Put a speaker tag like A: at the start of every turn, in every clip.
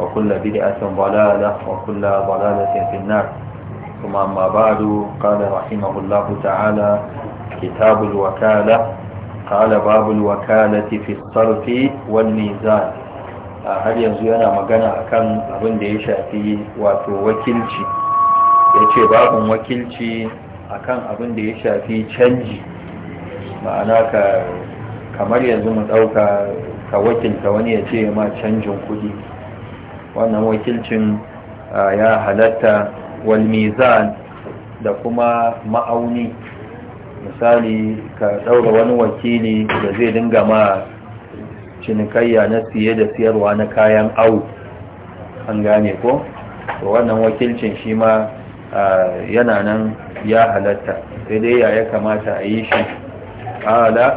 A: وكل بدعة ضلالة وكل ضلالة في النار ثم أما بعد قال رحمه الله تعالى كتاب الوكالة قال باب الوكالة في الصرف والميزان har yanzu yana magana akan abin da ya shafi wato wakilci ya ce babin wakilci akan abin da ya shafi canji ma'ana ka kamar yanzu mu ɗauka ka wakilta wani ya ce ma canjin kuɗi wannan wakilcin ya halatta wal da kuma ma'auni misali ka ɗaura wani wakili da zai dinga ma cinikayya na siye da siyarwa na kayan au an gane ko to wannan wakilcin shi ma yana nan ya halatta sai dai ya kamata a yi shi ala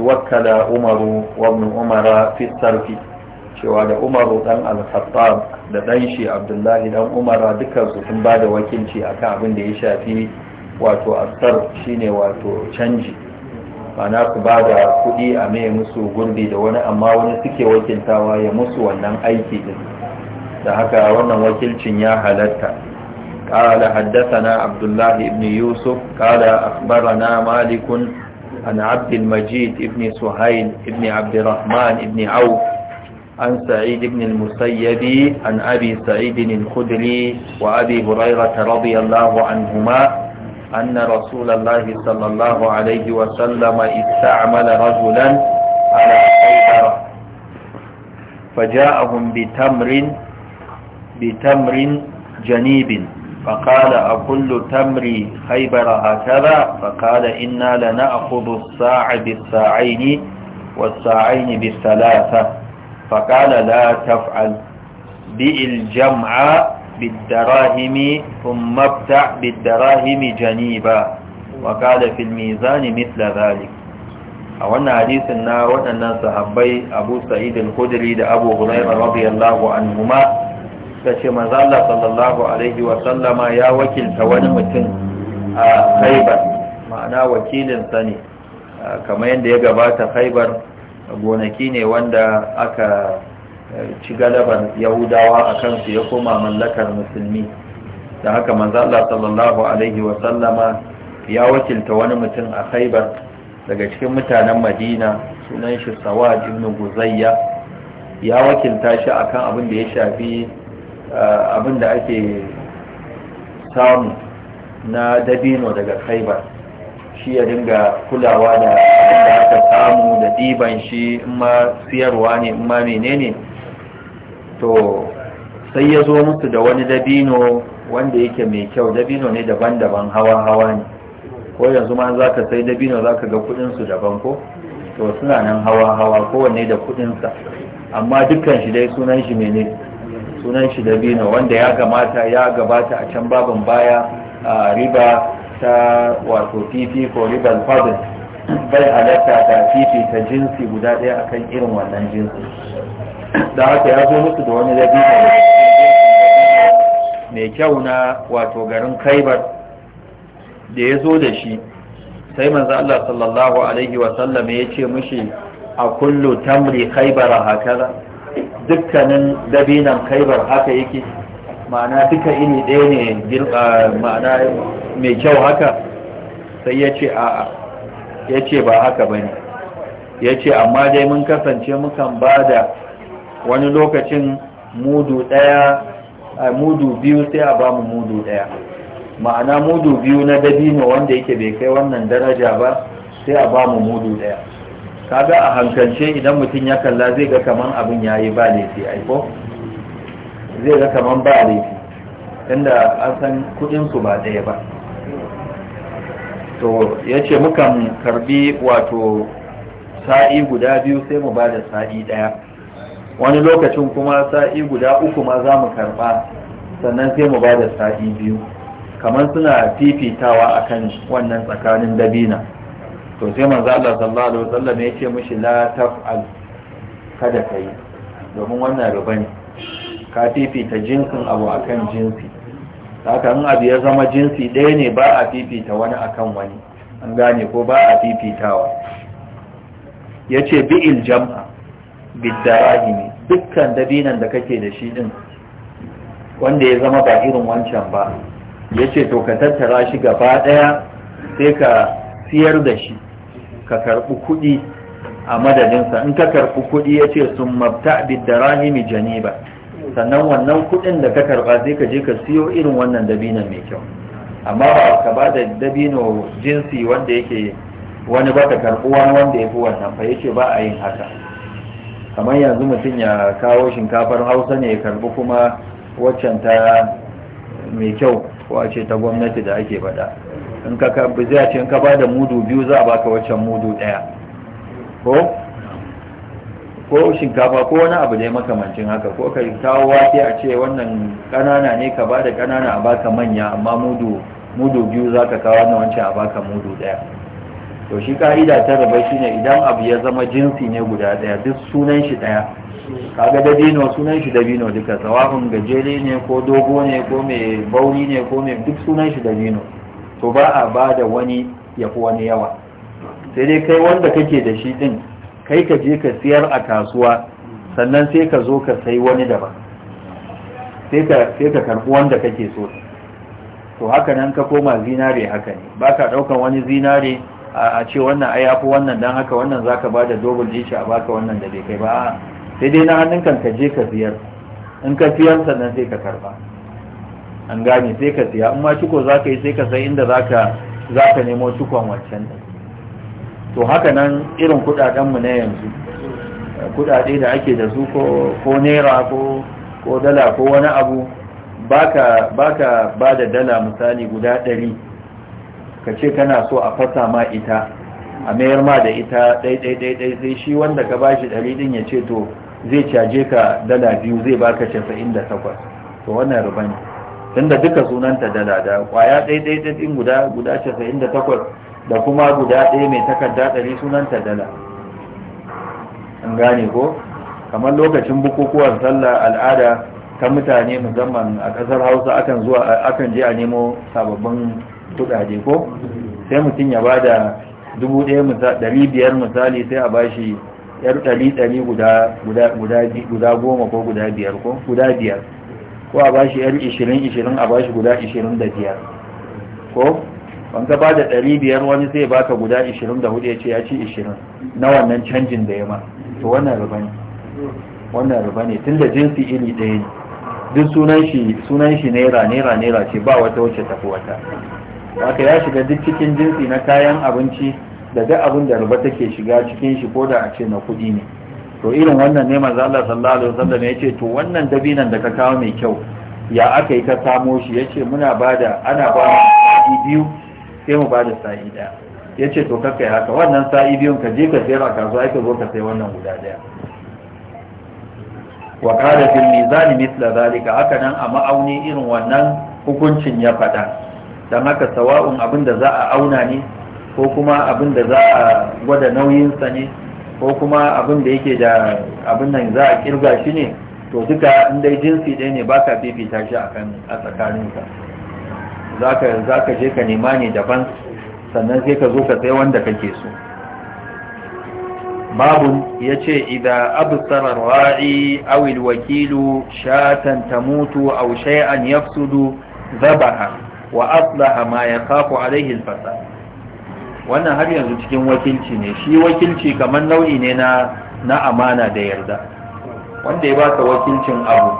A: wakala umaru wa ibn umara fi sarfi cewa da umaru dan al-khattab da dan shi abdullahi dan umara dukansu sun ba da wakilci akan abin da ya shafi wato asar shine wato canji mana su ba da kuɗi a mai musu gurbi da wani amma wani suke wakiltawa ya musu wannan aiki din da haka wannan wakilcin ya halatta قال haddasana Abdullahi ibn Yusuf, يوسف قال malikun مالك عن عبد ibn بن سهيل بن عبد الرحمن عن سعيد بن المسيب عن أبي سعيد الخدري وأبي هريرة رضي الله عنهما أن رسول الله صلى الله عليه وسلم استعمل رجلا على السيطرة فجاءهم بتمر بتمر جنيب فقال أكل تمر خيبر هكذا فقال إنا لنأخذ الساع بالساعين والساعين بالثلاثة faƙala la taf'al bi'il jam'a بالدراهم ثم ابتع بالدراهم جنيبا وقال في الميزان مثل ذلك a wannan hadisin na waɗannan sahabai abu sa'id al-khudri da abu hurairah radiyallahu anhuma ta ce manzo Allah sallallahu alaihi wa sallama ya wakilta wani mutum a Khaibar ma'ana wakilin sa ne kamar yadda ya gabata Khaibar gonaki ne wanda aka eh, ci galaban yahudawa a kansu ya koma mallakar musulmi da haka manzo Allah sallallahu alaihi wa ya wakilta wani mutum a Khaibar daga cikin mutanen Madina sunan shi Sawad ibn Guzayya ya wakilta shi akan abin da ya shafi eh, abin da ake samu na dabino daga Khaibar shi ya dinga kulawa da da aka samu da ɗiban shi in ma siyarwa ne in ma menene to sai ya zo musu da wani dabino wanda yake mai kyau dabino ne daban-daban hawa-hawa ne ko yanzu ma za ka sai dabino za ka ga kudinsu daban ko to suna nan hawa-hawa kowanne da kudinsa amma dukkan shi dai sunan shi mene sunan shi dabino wanda ya gamata ya gabata a can babin baya a riba ta wato ko ribal fadl bai halatta ta ta jinsi guda ɗaya akan irin wannan jinsi da haka ya zo musu da wani zabi mai kyau na wato garin kaibar da ya zo da shi sai manzo Allah sallallahu alaihi wa sallam ya ce mishi a kullu tamri khaybara hakaza dukkanin dabinan khaybar haka yake ma'ana duka ini ɗaya ne ma'ana mai kyau haka sai ya ce a'a ya ce ba haka ba ne ya ce amma dai mun kasance mukan ba da wani lokacin mudu ɗaya a mudu biyu sai a ba mu mudu ɗaya ma'ana mudu biyu na dabino wanda yake bai kai wannan daraja ba sai a ba mu mudu ɗaya kaga a hankalce idan mutum ya kalla zai ga kaman abin ya yi ba laifi aiko zai ga kaman ba laifi inda an san kudinsu ba ɗaya ba to ya ce mukan karbi wato sa'i guda biyu sai mu ba da sa'i ɗaya wani lokacin kuma sa'i guda uku ma za mu karba sannan sai mu ba da sa'i biyu kamar suna fifitawa a kan wannan tsakanin dabina to sai manzo Allah sallallahu alaihi wasallam ya ce mushi, la taf'al kada kai domin wannan riba ne ka fifita jinsin abu akan jinsi haka in abu ya zama jinsi ɗaya ne ba a fifita wani akan wani an gane ko ba a fifitawa ya ce bi'il jam'a bidarahimi dukkan dabinan da kake da shi ɗin, wanda ya zama ba irin wancan ba ya ce to ka tattara shi gaba ɗaya sai ka siyar da shi ka karɓi kuɗi a madadinsa in ka karɓi kuɗi ya ce sun mabta bidarahimi janiba sannan wannan kudin da ka karba zai ka je ka siyo irin wannan dabinon mai kyau amma ba ka ba da dabino jinsi wanda yake wani ba ka wani wanda ya wannan fa yake ba a yin haka kamar yanzu mutum ya kawo shinkafar hausa ne ya karbi kuma waccan ta mai kyau ko a ce ta gwamnati da ake bada in ka karbi zai ce in ka ba da mudu biyu za a baka waccan mudu ɗaya ko ko shinkafa ko wani abu ne makamancin haka ko ka kawo wake a ce wannan kanana ne ka ba da ƙanana a baka manya amma mudu mudu biyu za ka kawo na wancan a baka mudu ɗaya to shi ka'ida ta raba shi ne idan abu ya zama jinsi ne guda ɗaya duk sunan shi ɗaya kaga dabino sunan shi dabino duka sawahun gajere ne ko dogo ne ko mai bauri ne ko mai duk sunan shi dabino to ba a ba da wani ya fi wani yawa sai dai kai wanda kake da shi din kai ka je ka siyar a kasuwa sannan sai ka zo ka sai wani daban sai ka karɓi wanda kake so to haka nan ka koma zinare haka ne ba ka ɗaukan wani zinare a ce wannan ai yafi wannan don haka wannan za ka ba da dogon ɗin a baka wannan da bai kai ba sai dai na hannun kan ka je ka siyar in ka siyar sannan sai ka karɓa an gane sai ka siya Amma ciko za ka yi sai ka sai inda za ka nemo cikon wancan din to haka nan irin kudadenmu na yanzu kudade da ake da su ko naira ko dala ko wani abu baka baka ba da dala misali guda ɗari ka ce kana so a fasa ma ita a mayar ma da ita ɗaiɗaiɗaiɗai sai shi wanda ka ba shi ɗari ɗin ya ce to zai caje ka dala biyu zai baka casa'in da takwas to wannan rubani tun tunda duka sunanta dala da kwaya ɗaiɗaiɗaiɗin guda guda casa'in da takwas da kuma guda ɗaya mai takarda ɗari sunanta dala an gane ko kamar lokacin bukukuwan sallah al'ada ta mutane musamman a ƙasar hausa akan zuwa akan je a nemo sababbin kuɗaɗe ko sai mutum ya bada dubu ɗaya ɗari biyar misali sai a bashi yar ɗari ɗari guda goma ko guda biyar ko guda biyar ko a bashi yar ishirin ishirin a bashi guda ishirin da biyar ko Ban ga ba da ɗari biyar wani sai baka guda ishirin da hudu ya ce ya ci ishirin na wannan canjin da ya ma to wannan ruba ne wannan ne tun da jinsi iri ɗaya ne duk sunan shi naira naira naira ce ba wata wacce tafi wata haka ya shiga duk cikin jinsi na kayan abinci da duk abin da ruba take shiga cikin shi ko da a ce na kuɗi ne to irin wannan ne manzo Allah sallallahu alaihi wasallam ya ce to wannan dabinan da ka kawo mai kyau ya aka yi ka samo shi yace muna bada ana ba biyu sai mu ba da sa'i daya ya ce to kakai haka wannan sa'i biyun ka je ka sayar a kasuwa ai ka zo ka sai wannan guda ɗaya. wa da fil zani misla zalika haka nan a ma'auni irin wannan hukuncin ya faɗa dan haka sawa'un abin da za a auna ne ko kuma abin da za a gwada nauyin sa ne ko kuma abin da yake da abin nan za a kirga shi ne to duka in dai jinsi ɗaya ne ka fifita shi a tsakaninsa za ka je ka nema ne daban sannan sai ka zo ka sai wanda kake so babu ya ce idan abustarar ra'i awil wakilu shatan ta mutu au shay'an zaba zabaha wa aslaha ma ya kafu alaihi fasa. wannan har yanzu cikin wakilci ne shi wakilci kamar nau'i ne na amana da yarda wanda ya baka wakilcin abu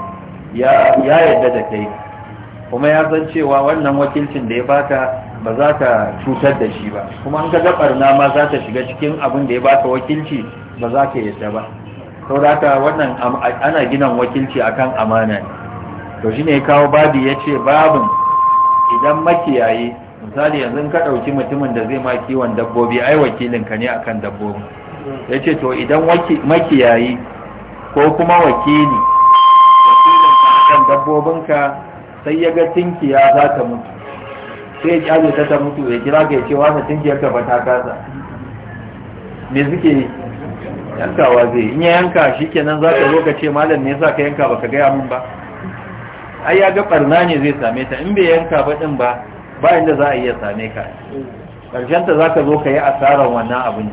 A: ya yarda da kai kuma ya san cewa wannan wakilcin da ya baka ba za ta cutar da shi ba kuma an ka gabar na ma za ta shiga cikin abin da ya baka wakilci ba za ka yadda ba sau da wannan ana ginan wakilci akan amana ne to shi ne kawo babi ya ce babin idan makiyayi misali yanzu ka ɗauki mutumin da zai ma kiwon dabbobi ai wakilin ka ne akan dabbobi ya ce to idan makiyayi ko kuma wakili wakilinka akan dabbobinka sai ya ga tinkiya za ta mutu sai ya kyale ta ta mutu ya kira ka ya ce wata tinkiyar ka ba ta kasa me suke yankawa zai in ya yanka shi kenan za ka zo ka ce malam ne za ka yanka ba ka gaya min ba ai ya ga barna ne zai same ta in bai yanka ba din ba ba inda za a iya same ka karshen ta za ka zo ka yi asarar wannan abin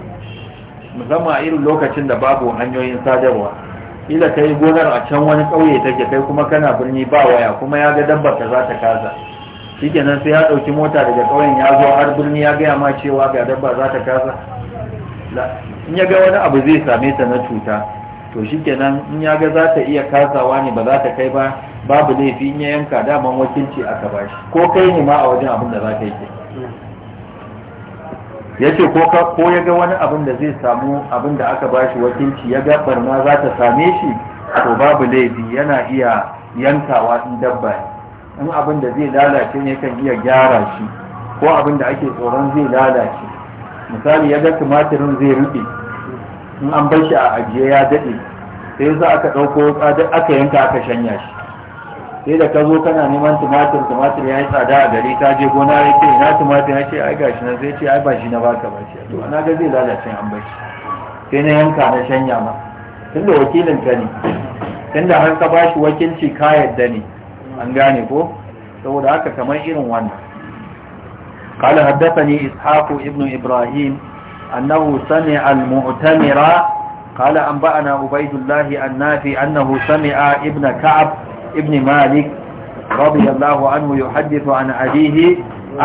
A: musamman a irin lokacin da babu hanyoyin sadarwa ila yi gonar a can wani ƙauye take kai kuma kana birni ba waya kuma ya ga dabbar ta za ta kasa shikenan sai ya ɗauki mota daga ƙauyen ya zo har birni ya gaya ma cewa ga dabba za ta kasa in ya ga wani abu zai same ta na cuta to shikenan in ya ga za ta iya kasawa ne ba za ta kai ba babu laifi in ya yanka daman wakilci aka bashi ko kai ne ma a wajen abin da za ka yi yace ko ko ya ga wani abin da zai samu abin da aka bashi wakilci ya ga barna za ta same shi to babu laifi yana iya yankawa in dabba in abin da zai lalace ne kan iya gyara shi ko abin da ake tsoron zai lalace misali ya ga tumatirin zai rufe in an bar shi a ajiye ya daɗe sai za aka ɗauko aka yanka aka shanya shi sai da ka zo kana neman tumatir tumatir ya yi tsada a gari ka je gona ya ce ina tumatir ya ce ai gashi na zai ce ai ba shi na ba ka ba shi to na ga zai lalace an bar shi sai na yanka na shanya ma tunda wakilin ka ne tunda har ka bashi wakilci ka yadda ne an gane ko saboda haka kamar irin wannan قال حدثني إسحاق ابن إبراهيم أنه سمع المؤتمر قال أنبأنا عبيد الله النافي أنه سمع ابن كعب ابن مالك رضي الله عنه يحدث عن أبيه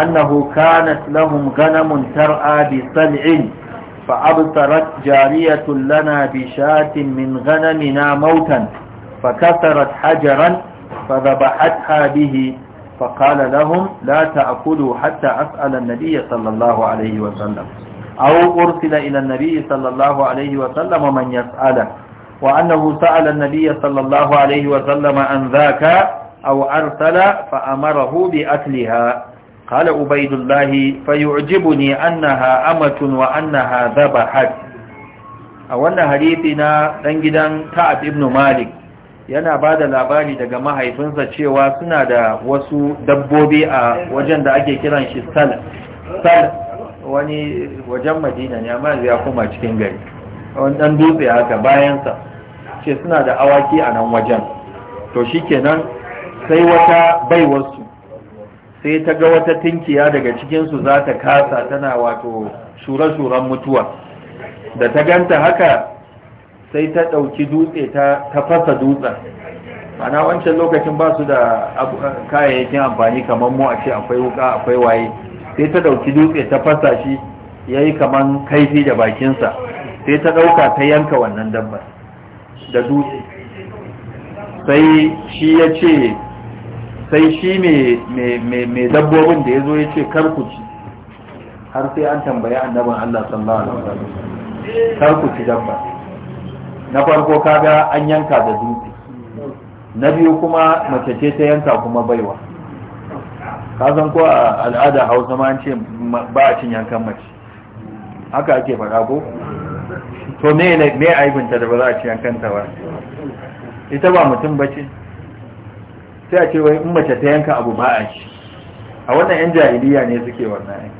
A: أنه كانت لهم غنم ترعى بسلع فأبصرت جارية لنا بشاة من غنمنا موتا فكسرت حجرا فذبحتها به فقال لهم لا تأكلوا حتى أسأل النبي صلى الله عليه وسلم أو أرسل إلى النبي صلى الله عليه وسلم من يسأله وأنه سأل النبي صلى الله عليه وسلم عن ذاك أو أرسل فأمره بأكلها قال عبيد الله فيعجبني أنها أمة وأنها ذبحت أو أن dan gidan كعب Ibn Malik yana ba da labari daga mahaifinsa cewa suna da wasu dabbobi a wajen da ake kiran shi sal sal wani wajen madina ne amma ya kuma cikin gari wani dan dutse haka bayansa ce suna da awaki a nan wajen to shikenan sai wata baiwarsu sai ta ga wata tinkiya daga cikinsu za ta kasa tana wato shure-shuren mutuwa da ta ganta haka sai ta ɗauki dutse ta fasa dutsen mana wancan lokacin ba su da kayayyakin amfani kamar mu a ce akwai wuka akwai waye sai ta ɗauki dutse ta fasa shi ya yi kamar kaifi da bakinsa sai ta ɗauka ta yanka wannan dabbar da dutse sai shi ya ce sai shi mai dabbobin da ya zo ya ce karkuci har sai an tambayi annabin Allah sallallahu alaihi
B: wasallam karkuci
A: dabba na farko kaga an yanka da
B: dutse
A: na biyu kuma mace ce ta yanka kuma baiwa kasan ko a al'ada hausa ma an ce ba a cin yankan mace haka ake faɗa ko to me ne aibinta da ba za a ce an kanta ba ita ba mutum ba ce sai a ce wai in mace ta yanka abu ba a ci a wannan yan jahiliya ne suke wannan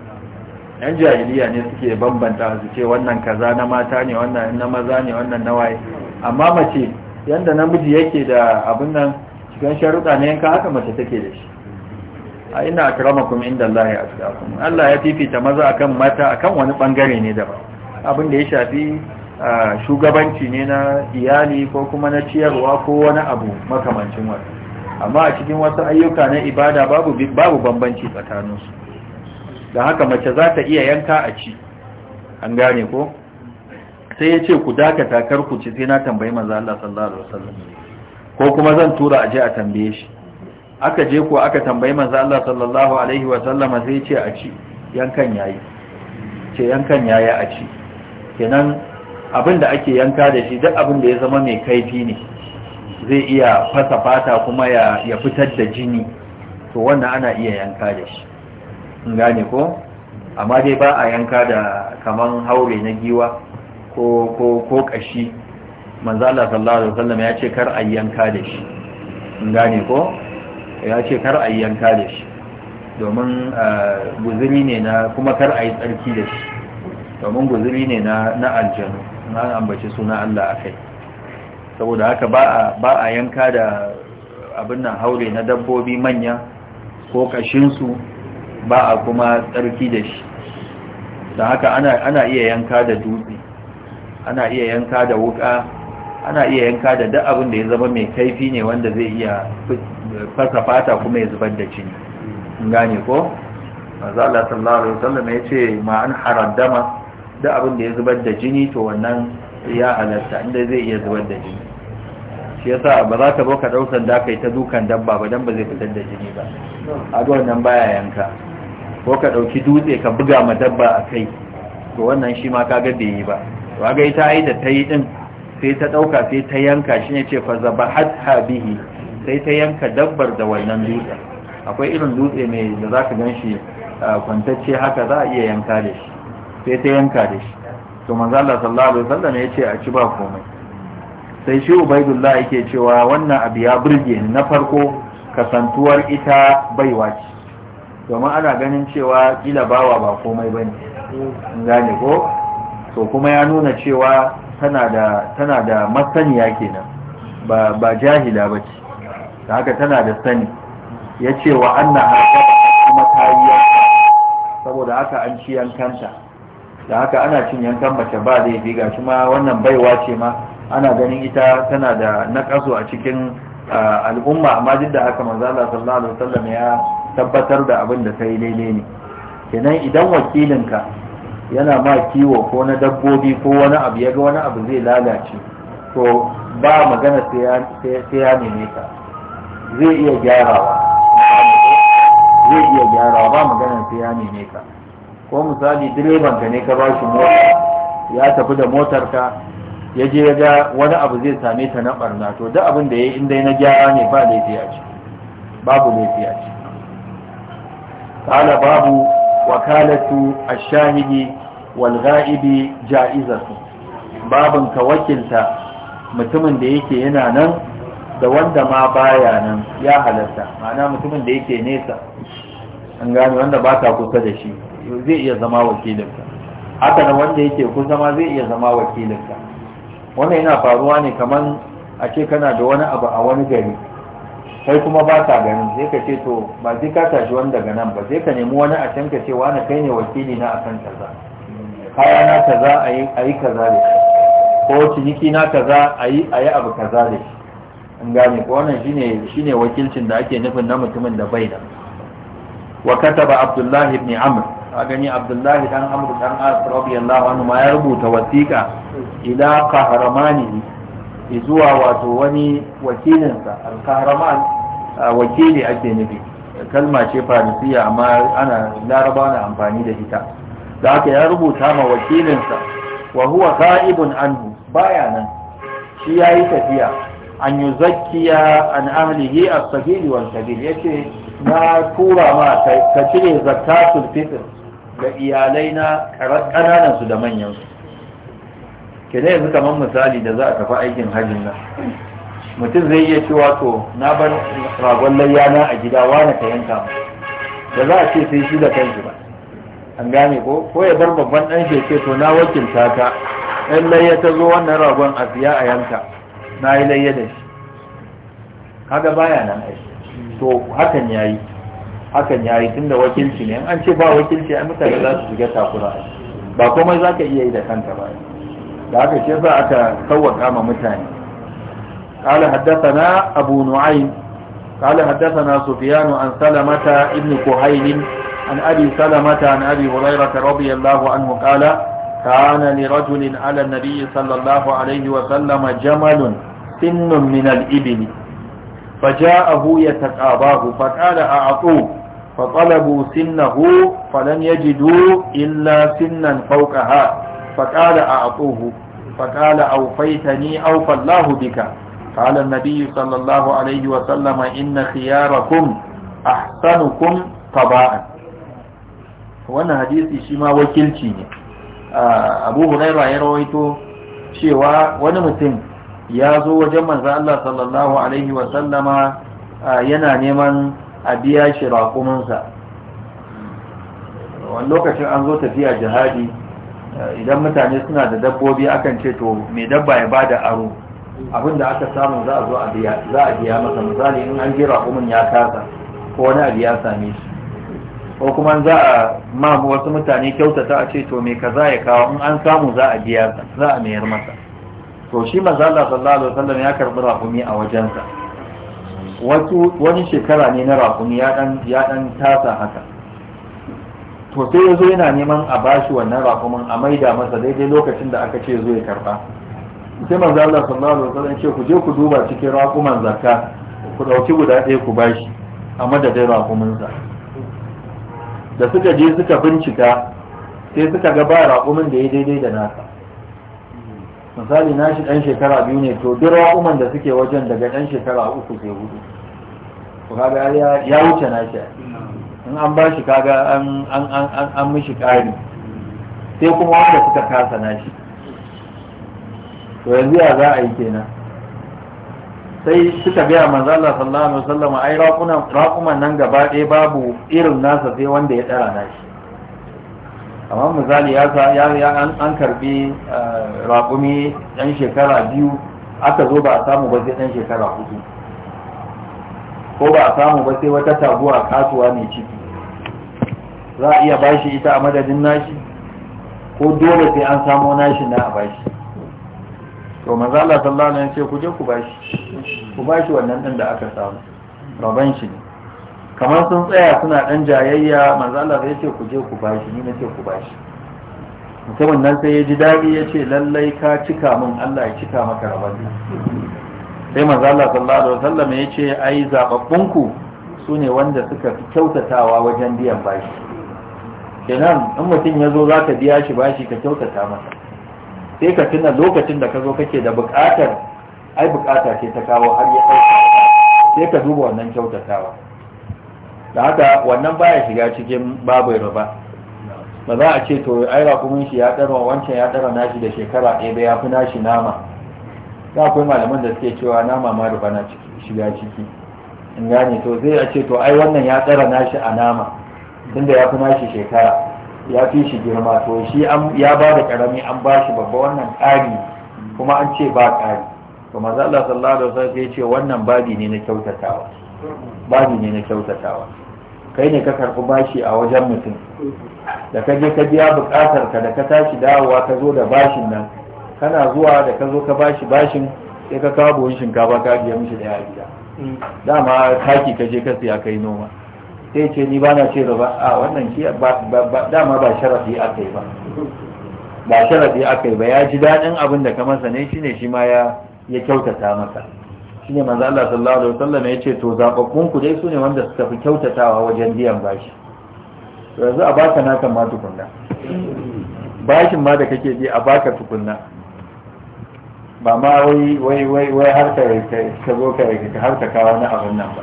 A: yan jahiliya ne suke bambanta su ce wannan kaza na mata ne wannan na maza ne wannan na waye amma mace yanda namiji yake da abin nan cikin sharuɗa na yanka haka mace take da shi a ina akramakum inda Allah ya askakum Allah ya fifita maza akan mata akan wani bangare ne daban abin da ya shafi shugabanci ne na iyali ko kuma na ciyarwa ko wani abu makamancin wasu, amma a cikin wasu ayyuka na ibada babu babu bambanci tsakaninsu da haka mace za ta iya yanka a ci an gane ko sai ya ce ku dakata kar ku ci sai na tambayi maza Allah sallallahu alaihi wasallam ko kuma zan tura aje a tambaye shi aka je ko aka tambayi maza Allah sallallahu alaihi wasallam sai ya ce a ci yankan yayi ce yankan yayi a ci kenan abin da ake yanka da shi duk abin da ya zama mai kaifi ne zai iya fasa fata kuma ya fitar da jini to wannan ana iya yanka da shi in gane ko amma dai ba a yanka da kaman haure na giwa ko ko ko kashi manzo Allah sallallahu alaihi wasallam ya ce kar a yanka da shi in gane ko ya ce kar a yanka da shi domin eh, guzuri ne na kuma kar a yi tsarki da shi domin guzuri ne na aljanu na ambaci suna Allah a kai. saboda haka ba a ba a yanka da abin nan haure na dabbobi manya ko kashin su ba a kuma tsarki da shi da haka ana ana iya yanka da dutse ana iya yanka da wuka ana iya yanka da duk abin da ya zama mai kaifi ne wanda zai iya fasa fata kuma ya zubar da jini gane ko manzo Allah sallallahu alaihi wasallam yace ma an haraddama da abin da ya zubar da jini to wannan ya halatta inda zai iya zubar da jini shi yasa ba za ta ka dausan da kai ta dukan dabba ba dan ba zai fitar da jini ba a ga wannan baya yanka ko ka dauki dutse ka buga ma dabba a kai to wannan shi ma kaga bai yi ba to ga ita ai da tayi din sai ta dauka sai ta yanka shi ne ce fa hatta bihi sai ta yanka dabbar da wannan dutse akwai irin dutse mai da za ka ganshi kwantacce haka za a iya yanka da shi sai ta yanka da shi to manzo Allah sallallahu alaihi wasallam ya ce a ci ba komai sai shi ubaidullah yake cewa wannan abu ya burge ni na farko kasantuwar ita baiwa ce domin ana ganin cewa kila bawa ba komai bane gane ko to kuma ya nuna cewa tana da tana da masaniya kenan ba ba jahila bace haka tana da sani ya ce wa annaha kuma tayi saboda haka an ci yankanta da haka ana cin yankan mace ba zai bi gashi ma wannan baiwa ce ma ana ganin ita tana da nakaso a cikin al'umma amma duk da haka manzo Allah sallallahu alaihi wasallam ya tabbatar da abin da sai lele ne kenan idan wakilinka yana ma kiwo ko na dabbobi ko wani abu ya ga wani abu zai lalace to ba magana sai ya nemi ka zai iya gyarawa zai iya gyarawa ba magana sai ya nemi ka ko misali direban ka ne ka ba shi mota ya tafi da motar ka ya je ya ga wani abu zai same ta na barna to duk abin da ya yi in dai na gyara ne ba laifiya ce babu ce a babu wakalatu ashahidi wal ghaibi ja'izatu babun ka wakilta mutumin da yake yana nan da wanda ma baya nan ya halatta ma'ana mutumin da yake nesa an gane wanda ba ta kusa da shi zai iya zama wakilinka haka na wanda yake kusa ma zai iya zama wakilinka wannan yana faruwa ne kamar a ce kana da wani abu a wani gari Sai kuma ba ka ganin sai ka ce to ba zai ka tashi wani daga nan ba sai ka nemi wani a can ka ce wani kai ne wakili na akan kaza kaya na kaza a yi kaza da shi. ko ciniki na kaza a yi abu kaza da shi an gane ko wannan shine shine wakilcin da ake nufin na mutumin da bai da wa kataba abdullahi ibn amr a gani abdullahi dan amru dan as radiyallahu anhu ma ya rubuta wasiƙa ila qahramani zuwa wato wani wakilinsa al-qahraman wakili ake nufi kalma ce farisiya amma ana laraba na amfani da ita da haka ya rubuta ma wakilinsa wa huwa ghaibun anhu baya nan shi yayi tafiya an yi zakiya an ahlihi as-sabil wal kabir yace na tura ma ka cire zakatul fitr ga iyalai na ƙanana su da manyan su ke da yanzu kamar misali da za a tafi aikin hajjin nan mutum zai iya cewa to na bar ragon layya na a gida wane ka yanka mu da za a ce sai shi da kansu ba an gane ko ko ya bar babban ɗan shi to na wakilta ta ɗan layya ta zo wannan ragon a siya a yanka na yi layya da shi Haka baya nan aiki to hakan ya yi hakan ya yi tunda wakilci ne an ce ba wakilci ai mutane za su shiga takura ba komai za ka iya yi da kanta ba da haka shi za aka sawwaka ma mutane قال حدثنا أبو نعيم قال حدثنا سفيان عن سلمة ابن كهيل عن أبي سلمة عن أبي هريرة رضي الله عنه قال كان لرجل على النبي صلى الله عليه وسلم جمل سن من الإبل فجاءه يتقاضاه فقال أعطوه فطلبوا سنه فلم يجدوا إلا سنا فوقها فقال أعطوه فقال أوفيتني أوفى الله بك قال النبي صلى الله عليه وسلم إن خياركم أحسنكم طباعا wannan hadisi shi ma wakilci ne abu huraira ya rawaito cewa wani mutum ya zo wajen manzan Allah sallallahu alaihi wasallama yana neman a biya shi raƙuminsa wani lokacin an zo tafiya jihadi idan mutane suna da dabbobi akan ce to mai dabba ya ba da aro abinda aka samu za a zo a biya masa misali in an jira raƙumin ya kasa ko wani abu ya same shi ko kuma za a ma wasu mutane kyautata a ce to mai kaza ya kawo in an samu za a biya za a mayar masa to shi Allah sallallahu alaihi wasallam ya karbi rakumi a wajensa wato wani shekara ne na rakumi ya dan ya dan tasa haka to sai yazo yana neman a bashi wannan rakumin a maida masa daidai lokacin da aka ce zo ya karba sai Allah sallallahu alaihi wasallam ce ku je ku duba cikin rakuman zakka ku dauki guda ɗaya ku bashi a madadin rakumin sa da suka je suka bincika sai suka ga ba rakumin da ya daidai da nasa misali na shi ɗan shekara biyu ne to duk ra'uman da suke wajen daga ɗan shekara uku sai hudu to kaga ya wuce na shi in an ba shi kaga an an an an mishi ƙari sai kuma wanda suka kasa na shi to yanzu ya za a yi kenan sai suka biya manzo Allah sallallahu alaihi wasallam ai raƙuman nan gaba ɗaya babu irin nasa sai wanda ya ɗara na shi amma misali ya an karbi eh, raƙumi ɗan shekara biyu aka zo ba a samu ba sai ɗan shekara hudu ko ba a samu ba sai wata taguwa kasuwa mai ciki za a iya bashi ita a madadin nashi ko dole sai an samo nashi na a bashi to manzala sallallahu alaihi wasallam ce ku je ku bashi ku bashi wannan din da aka samu raban shi ne kamar sun tsaya suna ɗan jayayya manzo Allah ya ce ku je ku bashi ni na ce ku bashi mutumin nan sai ya ji daɗi ya ce lallai ka cika min Allah ya cika maka rabon sai manzo Allah sallallahu alaihi wasallam ya ce ai zababbun ku sune wanda suka fi kyautatawa wajen biyan bashi kenan in mutum ya zo zaka biya shi bashi ka kyautata masa sai ka tuna lokacin da ka zo kake da buƙatar ai buƙata ce ta kawo har ya ɗauka sai ka duba wannan kyautatawa da haka wannan baya shiga cikin babu yaro ba Ba za a ce to ai kuma shi ya dara wancan ya dara nashi da shekara ɗaya ba ya fi nashi nama za akwai malaman da suke cewa nama ma ruba na shiga ciki in gane to zai a ce to ai wannan ya dara nashi a nama tunda ya fi nashi shekara ya fi shi girma to shi ya ba da ƙarami an ba shi babba wannan ƙari kuma an ce ba ƙari to maza Allah sallallahu alaihi wasallam ya ce wannan babi ne na kyautatawa babi ne na kyautatawa kai ne ka karɓi bashi a wajen mutum da ka je ka biya buƙatar ka da ka tashi dawowa ka zo da bashin nan kana zuwa da ka zo ka bashi bashin sai ka kawo buhun shinkafa ka biya mishi ɗaya a gida dama taki ka je ka siya kai noma sai ce ni ba na ce ba a wannan shi dama ba sharafi aka yi ba ba sharafi aka yi ba ya ji daɗin abin da ka masa ne shine shi ma ya kyautata masa ne manzo Allah sallallahu alaihi wasallam ya ce to zababbun ku dai sune wanda suka fi kyautatawa wajen biyan bashi yanzu a baka nakan ma tukunna bashin ma da kake bi a baka tukunna ba ma wai wai wai wai har ka ka zo ka har ka kawo na abin nan ba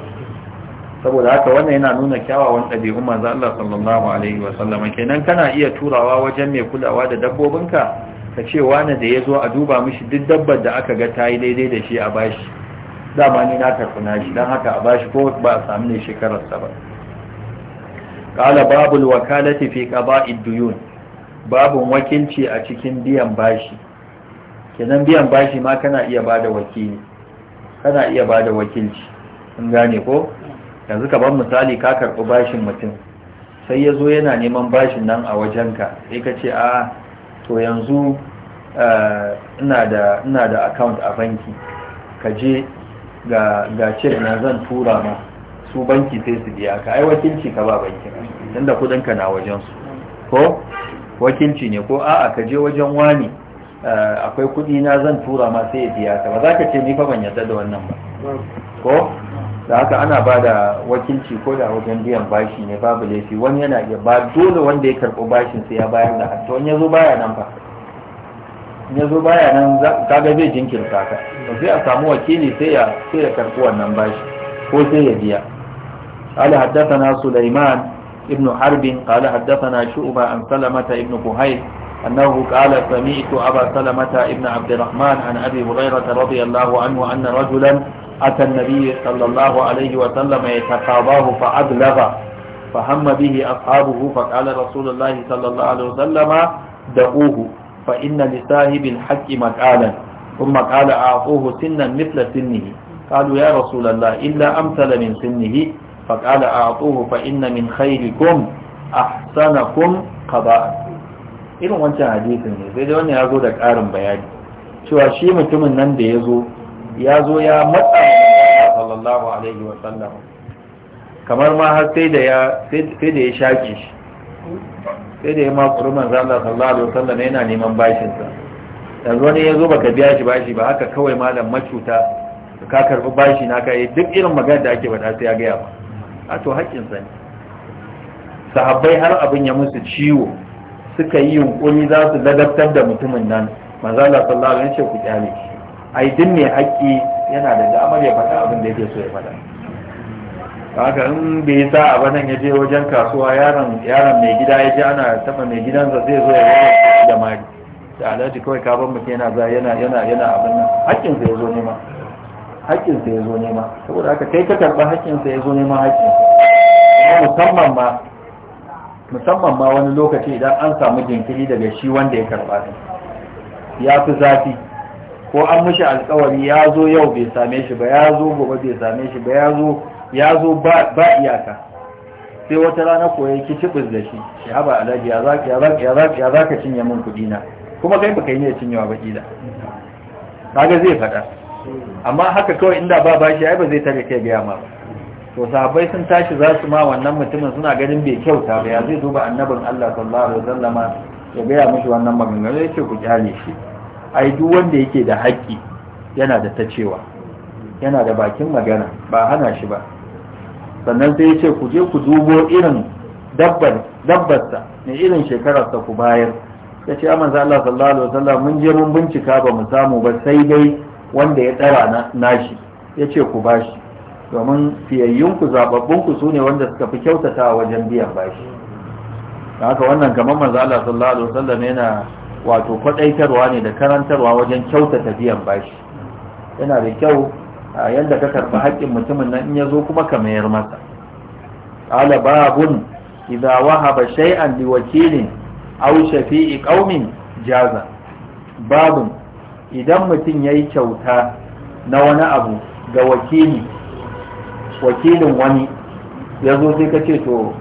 A: saboda haka wannan yana nuna kyawawan ɗabi'un manzo Allah sallallahu alaihi wasallam kenan kana iya turawa wajen mai kulawa da dabbobinka ka ce wani da ya zo a duba mishi duk dabbar da aka ga ta yi daidai da shi a bashi dama ni na na shi don haka a bashi ko ba a sami ne sa ba ƙala babul wakalati fi ƙaba duyun babun wakilci a cikin biyan bashi kenan biyan bashi ma kana iya bada wakili kana iya da wakilci in gane ko yanzu ka ban misali ka karɓi bashin mutum sai ya zo yana neman bashin nan a wajenka sai ka ce a to yanzu eh, ina da account a banki ka je ga ce na zan tura ma su banki sai su biya ka ai wakilci ka ba banki tunda kudin ka na wajen su ko wakilci ne ko a'a ka je wajen wani eh, akwai kudi na zan tura ma sai ya biya ka ba za ka ce ni fa ban yarda da wannan ba ko da haka ana ba da wakilci ko da wajen biyan bashi ne babu laifi wani yana iya ba dole wanda ya karɓo bashin sai ya bayar da hatta wani ya zo baya nan fa ya zo baya nan kaga zai jinkirta ka sai a samu wakili sai ya sai ya karɓi wannan bashi ko sai ya biya قال حدثنا سليمان ابن حرب قال حدثنا شعبة عن سلمة ابن كهيل أنه قال سمعت أبا سلمة ابن عبد الرحمن عن أبي هريرة رضي الله عنه أن رجلا أتى النبي صلى الله عليه وسلم يتقاضاه فأبلغ فهم به أصحابه فقال رسول الله صلى الله عليه وسلم دعوه fa inna li sahibil haqqi maqalan ثم قال أعطوه سنا مثل سنه قالوا يا رسول الله إلا أمثل من سنه فقال أعطوه فإن من خيركم أحسنكم قضاء irin wancan hadisin ne sai dai wannan ya zo da ƙarin bayani cewa shi mutumin nan da ya zo ya zo ya matsa sallallahu alaihi wa sallam kamar ma har sai da ya sai da ya shi sai da ya makuru manzo Allah sallallahu alaihi wasallam yana neman bashin sa yanzu wani ya zo baka biya shi bashi ba haka kawai malam macuta ka karbi bashi na kai eh, duk irin magana da ake bada sai ya gaya ba a to haƙƙin sa ne sahabbai har abin ya musu ciwo suka yi yunkuri za su ladabtar da mutumin nan manzo Allah sallallahu alaihi wasallam ya ce ku kyale shi ai duk mai haƙƙi yana da damar ya faɗa abin da yake so ya faɗa haka in bai sa a nan ya je wajen kasuwa yaron mai gida ya je ana taba mai gidansa zai zo ya yi da mari da alhaji kawai kaban mutum yana za yana yana yana abin nan haƙƙinsa ya zo nema haƙƙinsa ya zo nema saboda haka kai ka karɓa haƙƙinsa ya zo nema haƙƙinsa musamman ma musamman ma wani lokaci idan an samu jinkiri daga shi wanda ya karɓa ya fi zafi ko an mishi alkawari ya zo yau bai same shi ba ya zo gobe bai same shi ba ya zo ya zo ba iyaka sai wata rana ko ya kicibis da shi shi haba alaji ya zaka ya zaka ya zaka ya zaka cinye min kudi na kuma kai baka yi ne cinyewa ba kila kaga zai fada amma haka kawai inda ba bashi ai ba zai tare kai ga ma ba to sahabbai sun tashi za su ma wannan mutumin suna ganin bai kyauta ba ya zai duba annabin Allah sallallahu alaihi wasallama ya gaya mishi wannan maganganu ya ce ku kyale shi ai duk wanda yake da haƙƙi yana da tacewa. yana da bakin magana ba hana shi ba sannan sai ya ce ku je ku dubo irin dabbar dabbarsa ne irin shekararsa ku bayar ya ce amma Allah sallallahu alaihi wasallam mun je mun bincika ba mu samu ba sai dai wanda ya tsara nashi ya ce ku bashi domin fiyayyunku zababbunku su ne wanda suka fi kyautata wajen biyan bashi da haka wannan kamar manzo Allah sallallahu alaihi wasallam yana wato kwaɗaitarwa ne da karantarwa wajen kyautata biyan bashi yana da kyau A yadda ka karɓi haƙƙin mutumin nan in ya zo kuma ka mayar masa ƙala babun idza wahaba shay'an li wakilin aw shafi'i qaumin jaza babun idan mutum yayi kyauta na wani abu ga wakili wakilin wani ya zo sai ka ce to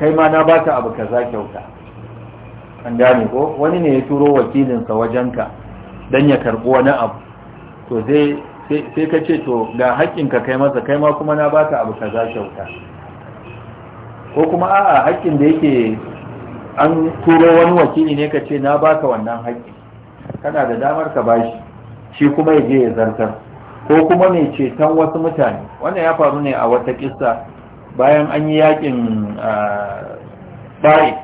A: kai ma na baka abu kaza kyauta an gane ko wani ne ya turo wakilinsa wajenka don ya karɓi wani abu to zai sai ka ce to ga haƙƙinka kai masa kai ma kuma na baka abu ka za shauka ko kuma a'a haƙƙin da yake an turo wani wakili ne ka ce na baka wannan haƙƙi kana da damar ka ba shi shi kuma ya je ya zartar ko kuma mai ceton wasu mutane wannan ya faru ne a wata kissa bayan an yi yaƙin ah, ba'i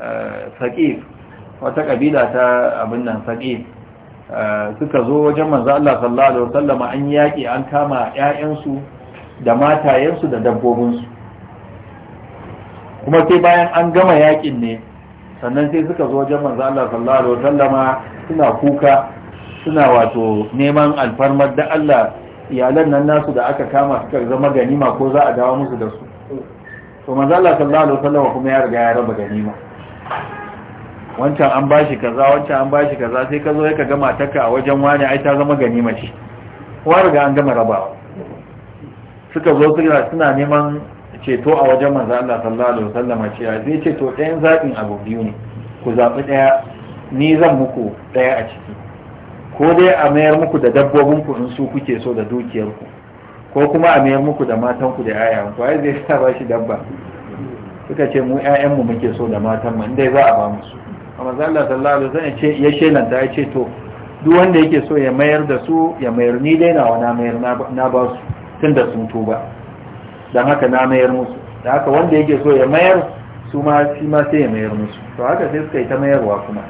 A: ah, wata ƙabila ta abin nan saƙif. suka zo wajen manzo Allah sallallahu alaihi wasallam an yaki an kama ƴaƴansu da matayensu da dabbobinsu kuma sai bayan an gama yakin ne sannan sai suka zo wajen manzo Allah sallallahu alaihi wasallama suna kuka suna wato neman alfarmar da Allah iyalan nan nasu da aka kama suka zama ganima ko za a dawo musu da su to manzo Allah sallallahu alaihi wasallama kuma ya riga ya raba ganima wancan an bashi kaza wancan an bashi kaza sai ka zo ya ka gama taka a wajen wani ai ta zama ganima ce kowa riga an gama rabawa suka zo suna neman ceto a wajen manzo Allah sallallahu alaihi wasallam ce zai ce to ɗayan zaɓin abu biyu ne ku zaɓi ɗaya ni zan muku ɗaya a ciki ko dai a mayar muku da dabbobin ku in su kuke so da dukiyar ku ko kuma a mayar muku da matan ku da yayan ku ai zai sa ba shi dabba suka ce mu ƴaƴanmu muke so da matan mu indai za a ba mu su a mazalla sallallahu alaihi wasallam ce ya shelanta ta ce to duk wanda yake so ya mayar da su ya mayar ni dai nawa na mayar na ba su tun da sun tuba don haka na mayar musu da haka wanda yake so ya mayar su ma shi ma sai ya mayar musu to haka sai suka yi ta mayarwa kuma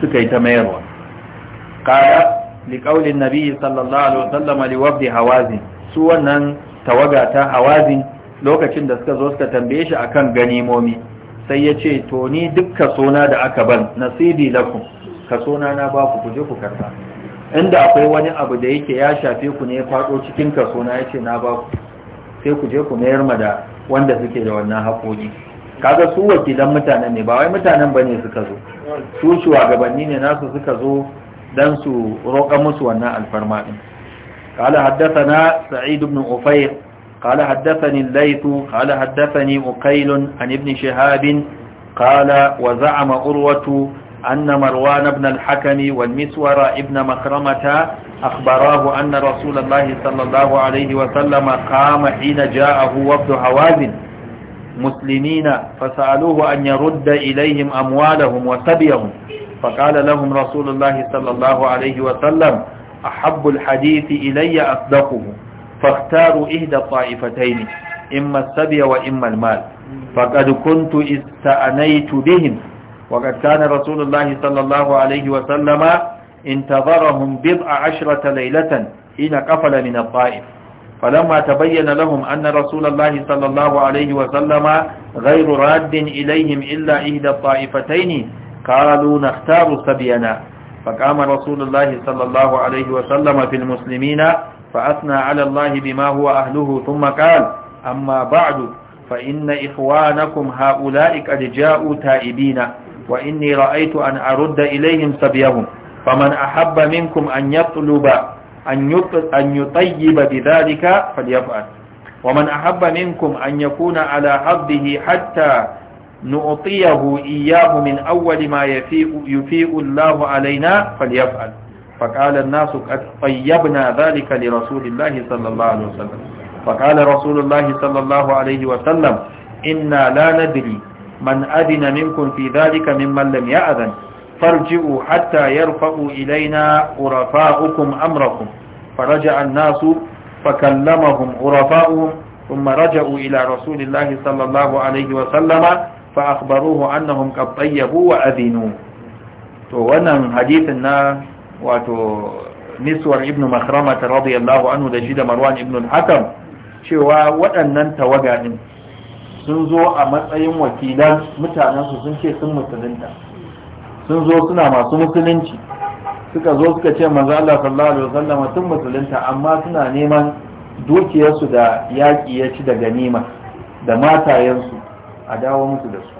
A: suka yi ta mayarwa qala liqaulin nabiy sallallahu alaihi wasallam wafdi hawazin su wannan tawaga ta hawazin lokacin da suka zo suka tambaye shi akan ganimomi sai ya ce to ni duk kasona da aka ban nasibi lakum kasona na ba ku kuje ku karba inda akwai wani abu da yake ya shafe ku ne faɗo cikin kasona ya ce na ba ku sai ku je ku mayar ma da wanda suke da wannan haƙoƙi kaga su wakilan mutanen ne ba wai mutanen bane suka zo su shugabanni ne nasu suka zo dan su roƙa musu wannan alfarma din قال حدثنا سعيد بن عفير قال حدثني الليث قال حدثني أقيل عن ابن شهاب قال وزعم أروة أن مروان بن الحكم والمسور ابن مخرمة أخبراه أن رسول الله صلى الله عليه وسلم قام حين جاءه وفد هوازن مسلمين فسألوه أن يرد إليهم أموالهم وسبيهم فقال لهم رسول الله صلى الله عليه وسلم أحب الحديث إلي أصدقه faktaru ihda ta'ifataini imma sabiya wa imma almal faqad kuntu ista'anaytu bihim wa na kana rasulullah sallallahu alayhi wa sallama intadharahum bid'a ashrata laylatan hina qafala min at-ta'if فلما تبين لهم أن رسول الله صلى الله عليه وسلم غير راد إليهم إلا إهدى الطائفتين قالوا نختار سبينا فقام رسول الله صلى الله عليه وسلم في المسلمين فأثنى على الله بما هو أهله ثم قال أما بعد فإن إخوانكم هؤلاء قد جاءوا تائبين وإني رأيت أن أرد إليهم سبيهم فمن أحب منكم أن يطلب أن يطيب بذلك فليفعل ومن أحب منكم أن يكون على حظه حتى نعطيه إياه من أول ما يفيء, يفيء الله علينا فليفعل فقال الناس قد طيبنا ذلك لرسول الله صلى الله عليه وسلم فقال رسول الله صلى الله عليه وسلم إنا لا ندري من أذن منكم في ذلك ممن لم يأذن فارجعوا حتى يرفعوا إلينا عرفاؤكم أمركم فرجع الناس فكلمهم عرفاؤهم ثم رجعوا إلى رسول الله صلى الله عليه وسلم فأخبروه أنهم قد طيبوا وأذنوا تو wannan hadisin na wato niswar ibn makhramata radiyallahu anhu da shi da marwan ibn hakam cewa waɗannan tawaga din sun zo a matsayin wakilan mutanensu sun ce sun musulunta sun zo suna masu musulunci suka zo suka ce manzo Allah sallallahu alaihi wasallam sun musulunta amma suna neman dukiyarsu da yaƙi ya ci da ganima da matayensu a dawo musu da su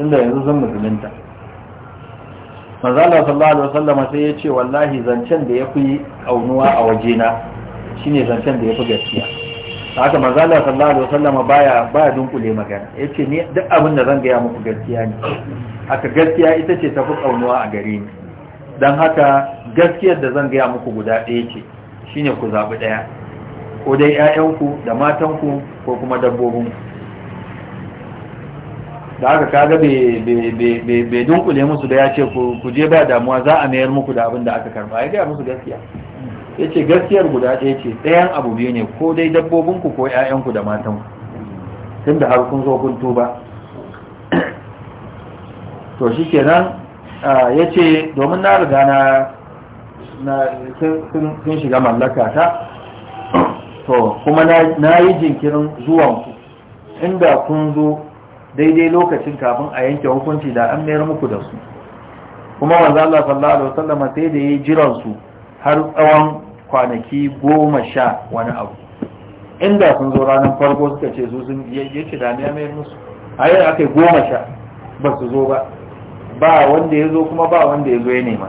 A: tunda yanzu sun musulunta manzala sallallahu alaihi wasallam sai ya ce wallahi zancen da ya fi kaunuwa a waje na, shine zancen da ya fi gaskiya haka manzala sallallahu alaihi wasallam baya baya dunkule magana yace ni duk abin da zan gaya muku gaskiya ne haka gaskiya ita ce ta fi kaunuwa a gare ni dan haka gaskiyar da zan gaya muku guda ɗaya ce shine ku zabi ɗaya ko dai ƴaƴanku da matanku ko kuma dabbobinku da haka kaga bai dunkule musu da ya ce ku je ba damuwa za a mayar muku da abin da aka karba ya gaya musu gaskiya ya ce gaskiyar guda ɗaya ce ɗayan abu biyu ne ko dai dabbobinku ko ku da matanku tun da har kun zo kun tuba to shi kenan ya ce domin na riga na sun shiga mallaka ta to kuma na yi jinkirin zuwanku inda kun zo daidai lokacin kafin a yanke hukunci da an mayar muku da su kuma wanzu Allah sallallahu alaihi wasallama sai da yayi jiran su har tsawon kwanaki goma sha wani abu inda sun zo ranar farko suka ce su sun yace da ne mai musu a yau aka yi goma sha ba su zo ba ba wanda ya zo kuma ba wanda ya zo ya
B: nema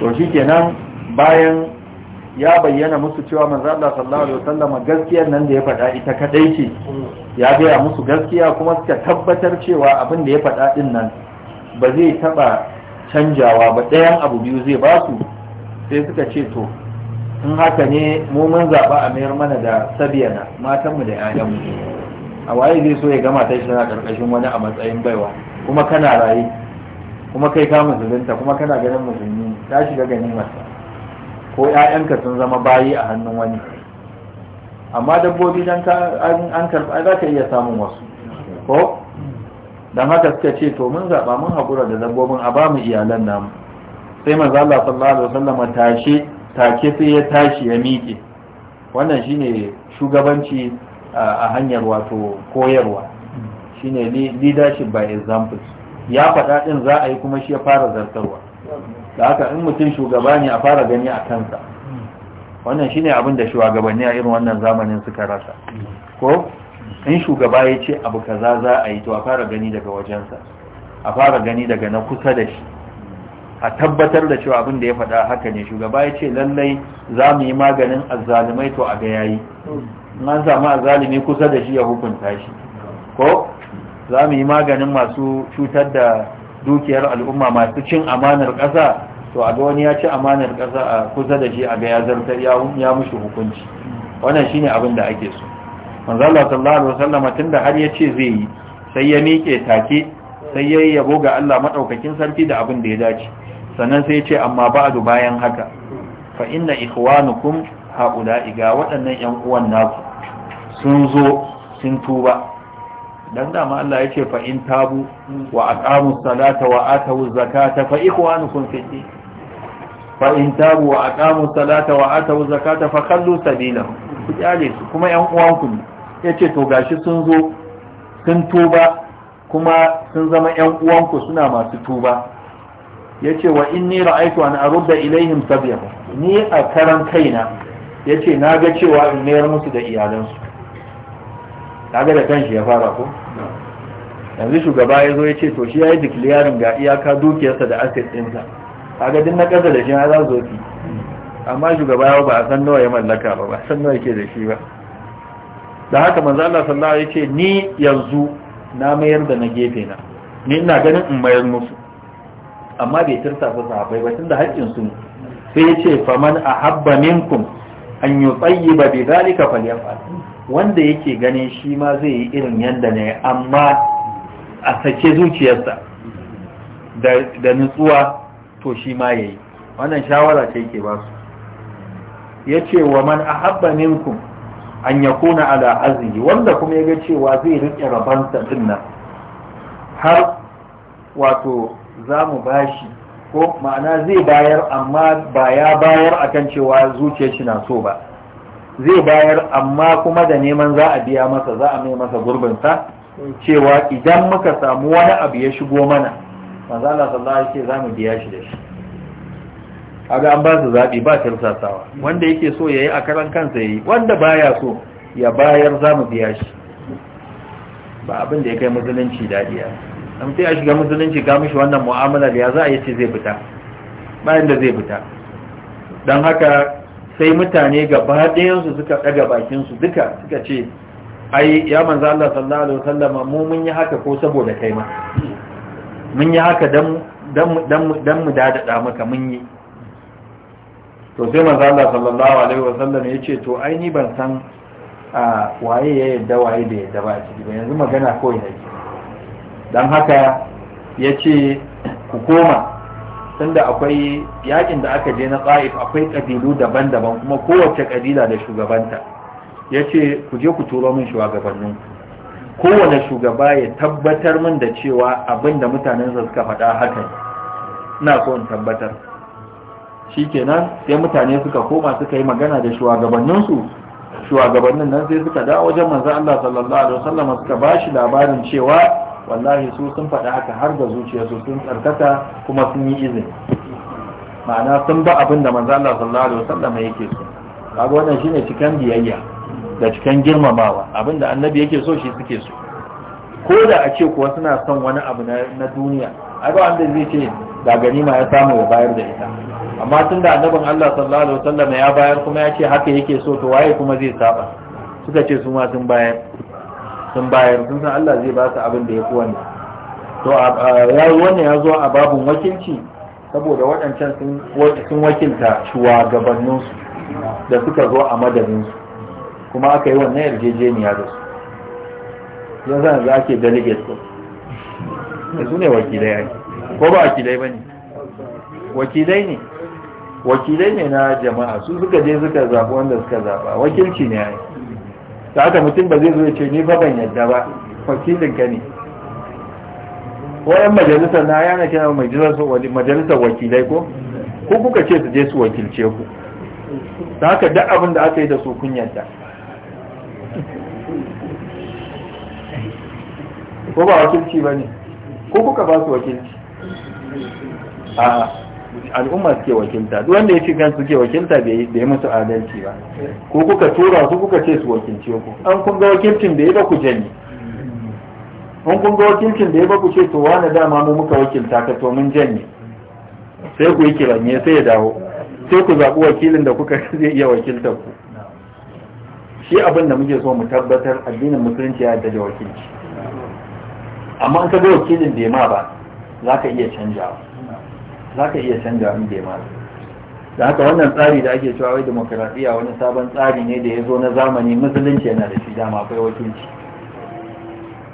B: to shi
A: kenan bayan ya bayyana musu cewa manzo Allah sallallahu alaihi wasallam gaskiyar nan da ya faɗa ita kadai ce ya gaya musu gaskiya kuma suka tabbatar cewa abin da ya faɗa din nan ba zai taba canjawa ba ɗayan abu biyu zai ba su sai suka ce to in haka ne mu mun zaba a mayar mana da sabiyana matanmu da 'ya'yanmu a waye zai so ya gama ta shi na ƙarƙashin wani a matsayin baiwa kuma kana raye kuma kai ka musulunta kuma kana ganin musulmi ta shiga ganin masa ko 'ya'yanka sun zama bayi a hannun wani amma dabbobi don an karɓa za ka iya samun wasu ko don haka suka ce to mun zaɓa mun haƙura da dabbobin a bamu iyalan namu sai manzo Allah sallallahu alaihi wasallam tashe take sai ya tashi ya miƙe wannan shine shugabanci a hanyar wato koyarwa shine leadership by example ya faɗa ɗin za a yi kuma shi ya fara zartarwa da haka in mutum shugaba ne a fara gani a kansa wannan shine abin da shugabanni a irin wannan zamanin suka rasa ko in shugaba ya ce abu kaza za a yi to a fara gani daga wajensa a fara gani daga na kusa da shi a tabbatar da cewa abin da ya faɗa haka ne shugaba ya ce lallai za mu yi maganin azzalumai to a ga yayi in an samu azzalumi kusa da shi ya hukunta shi ko za mu yi maganin masu cutar da dukiyar al'umma masu cin amanar ƙasa to a ga wani ya ci amanar ƙasa a kusa da shi a ga ya zartar ya mushi hukunci wannan shine abin da ake so manzo sallallahu alaihi wasallam tunda har ya ce zai yi sai ya miƙe take sai ya yabo ga Allah madaukakin sarki da abin da ya dace sannan sai ya ce amma ba'du bayan haka fa inna ikhwanukum haula'i ga waɗannan ƴan uwan naku sun zo sun tuba dan dama Allah ya ce fa tabu wa aqamu salata wa atu zakata fa kun fi din fa tabu wa aqamu salata wa atu zakata fa khallu sabilahum ku kyale su kuma yan uwanku ne yace to gashi sun zo sun tuba kuma sun zama yan uwanku suna masu tuba ce wa inni ra'aytu an da ilaihim sabiyahum ni a karan kaina Ya ce na ga cewa in mayar musu da iyalansu kaga da kanshi ya fara ko yanzu shugaba ya zo ya ce to shi ya yi declaring ga iyaka dukiyarsa da asset ɗinsa kaga din na ƙasa da shi ya za su amma shugaba ya ba a san nawa ya mallaka ba ba san nawa yake da shi ba da haka manzo Allah sallallahu alaihi ce ni yanzu na mayar da na gefe na ni ina ganin in mayar musu amma bai tirsa su sahabbai ba tunda haƙƙin su sai ya ce faman ahabba minkum an yutayyiba bi dhalika falyafal wanda yake ganin shi ma zai yi irin yadda ne amma a sake zuciyarsa da nutsuwa to shi ma ya yi wannan shawara ce yake ba su ya ce wa man a haɓa minkum an ya kuna ala arziki wanda kuma ya ga cewa zai riƙe rabansa din nan har wato za mu bashi ko ma'ana zai bayar amma ba ya bayar akan cewa zuciyar shi na so ba zai bayar amma kuma da neman za a biya masa za a mai masa gurbinsa cewa idan muka samu wani abu ya shigo mana manzo Allah sallallahu alaihi wasallam za mu biya shi da shi kaga an ba su zabi ba tirsasawa wanda yake so yayi a karan kansa yayi wanda baya so ya bayar za mu biya shi ba abin da ya kai musulunci dadiya a. sai a shiga musulunci ga mishi wannan mu'amalar ya za a yi ce zai fita bayan da zai fita don haka sai mutane gaba ɗayansu suka ɗaga bakinsu duka suka ce ai ya manzo Allah sallallahu alaihi wasallama mu mun yi haka ko saboda kai ma mun yi haka dan dan dan mu dadada maka mun yi to sai manzo Allah sallallahu alaihi wasallam yace to ai ni ban san a waye ya yadda waye da yadda ba shi ba yanzu magana ko ina dan haka yace ku koma tunda akwai yakin da aka je na ta'if akwai kabilu daban-daban kuma kowace kabila da shugabanta ya ce ku je ku turo min shugabannin kowane shugaba ya tabbatar min da cewa abin da suka faɗa hakan ina so tabbatar shi kenan sai mutane suka koma suka yi magana da shugabanninsu shugabannin nan sai suka da wajen manzo Allah sallallahu alaihi wasallam suka bashi labarin cewa wallahi su sun faɗi haka har da zuciyarsu sun tsarkaka kuma sun yi izini ma'ana sun ba abin da manzo Allah sallallahu alaihi wasallam yake so kaga wannan shine cikan biyayya da cikan girmamawa abin da annabi yake so shi suke so ko da a ce kuwa suna son wani abu na duniya ai ba wanda zai ce da ganima ya samu ya bayar da ita amma tun da annabin Allah sallallahu alaihi wasallam ya bayar kuma ya ce haka yake so to waye kuma zai saba suka ce su ma sun bayar sun bayar sun san Allah zai ba su abin da ya fi wani to ya wannan ya zo a babun wakilci saboda waɗancan sun wakilta shugabanninsu da suka zo a madadinsu kuma aka yi wannan yarjejeniya da su zan za ake delegate da su ne wakilai ya ko ba wakilai ba ne wakilai ne wakilai ne na jama'a su suka je suka zaɓi wanda suka zaɓa wakilci ne ya yi da haka mutum ba zai zo ya ce ni ba ban yadda ba wakilin ka ne wayan majalisar na yana kina majalisar wakilai ko ko kuka ce su je su wakilce ku da haka duk abin da aka yi da su kun yadda ko ba wakilci ba ne ko kuka ba su wakilci A'a. al'umma suke wakilta duk wanda ya ce kansu suke wakilta bai yi musu adalci ba ko kuka tura su kuka ce su wakilce ku an kun ga wakilcin da ya ba ku jani an kun ga wakilcin da ya ba ku ce to wani dama mu muka wakilta ka to mun jani sai ku yi kiranye sai ya dawo sai ku zaɓi wakilin da kuka zai iya wakilta ku shi abin da muke so mu tabbatar addinin musulunci ya yarda da wakilci amma an ka ga wakilin da ya ma ba za ka iya canjawa za ka iya canja in bai ma da haka wannan tsari da ake cewa wai demokaradiyya wani sabon tsari ne da ya zo na zamani musulunci yana da shi dama akwai wakilci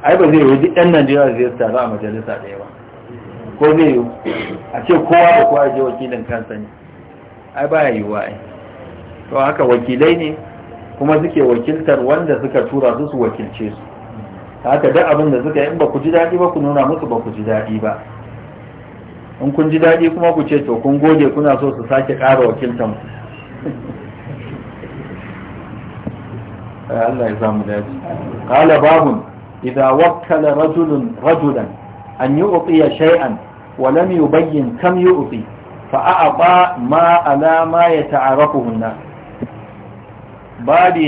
A: ai ba zai yi duk ɗan najeriya zai taru a majalisa ɗaya ba ko zai yi a ce kowa da kowa je wakilin kansa ne ai ba ya yiwuwa ai to haka wakilai ne kuma suke wakiltar wanda suka tura su su wakilce su haka duk abin da suka yi ba ku ji daɗi ba ku nuna musu ba ku ji daɗi ba in kun ji daɗi kuma ku ce to kun gode kuna so su sake ƙara wakiltan ku eh, Allah ya daji qala babun idza wakkala rajulun rajulan an ya shay'an wa lam yubayyin kam yu'ti fa a'ta ma alama ya yata'arafuhu an-nas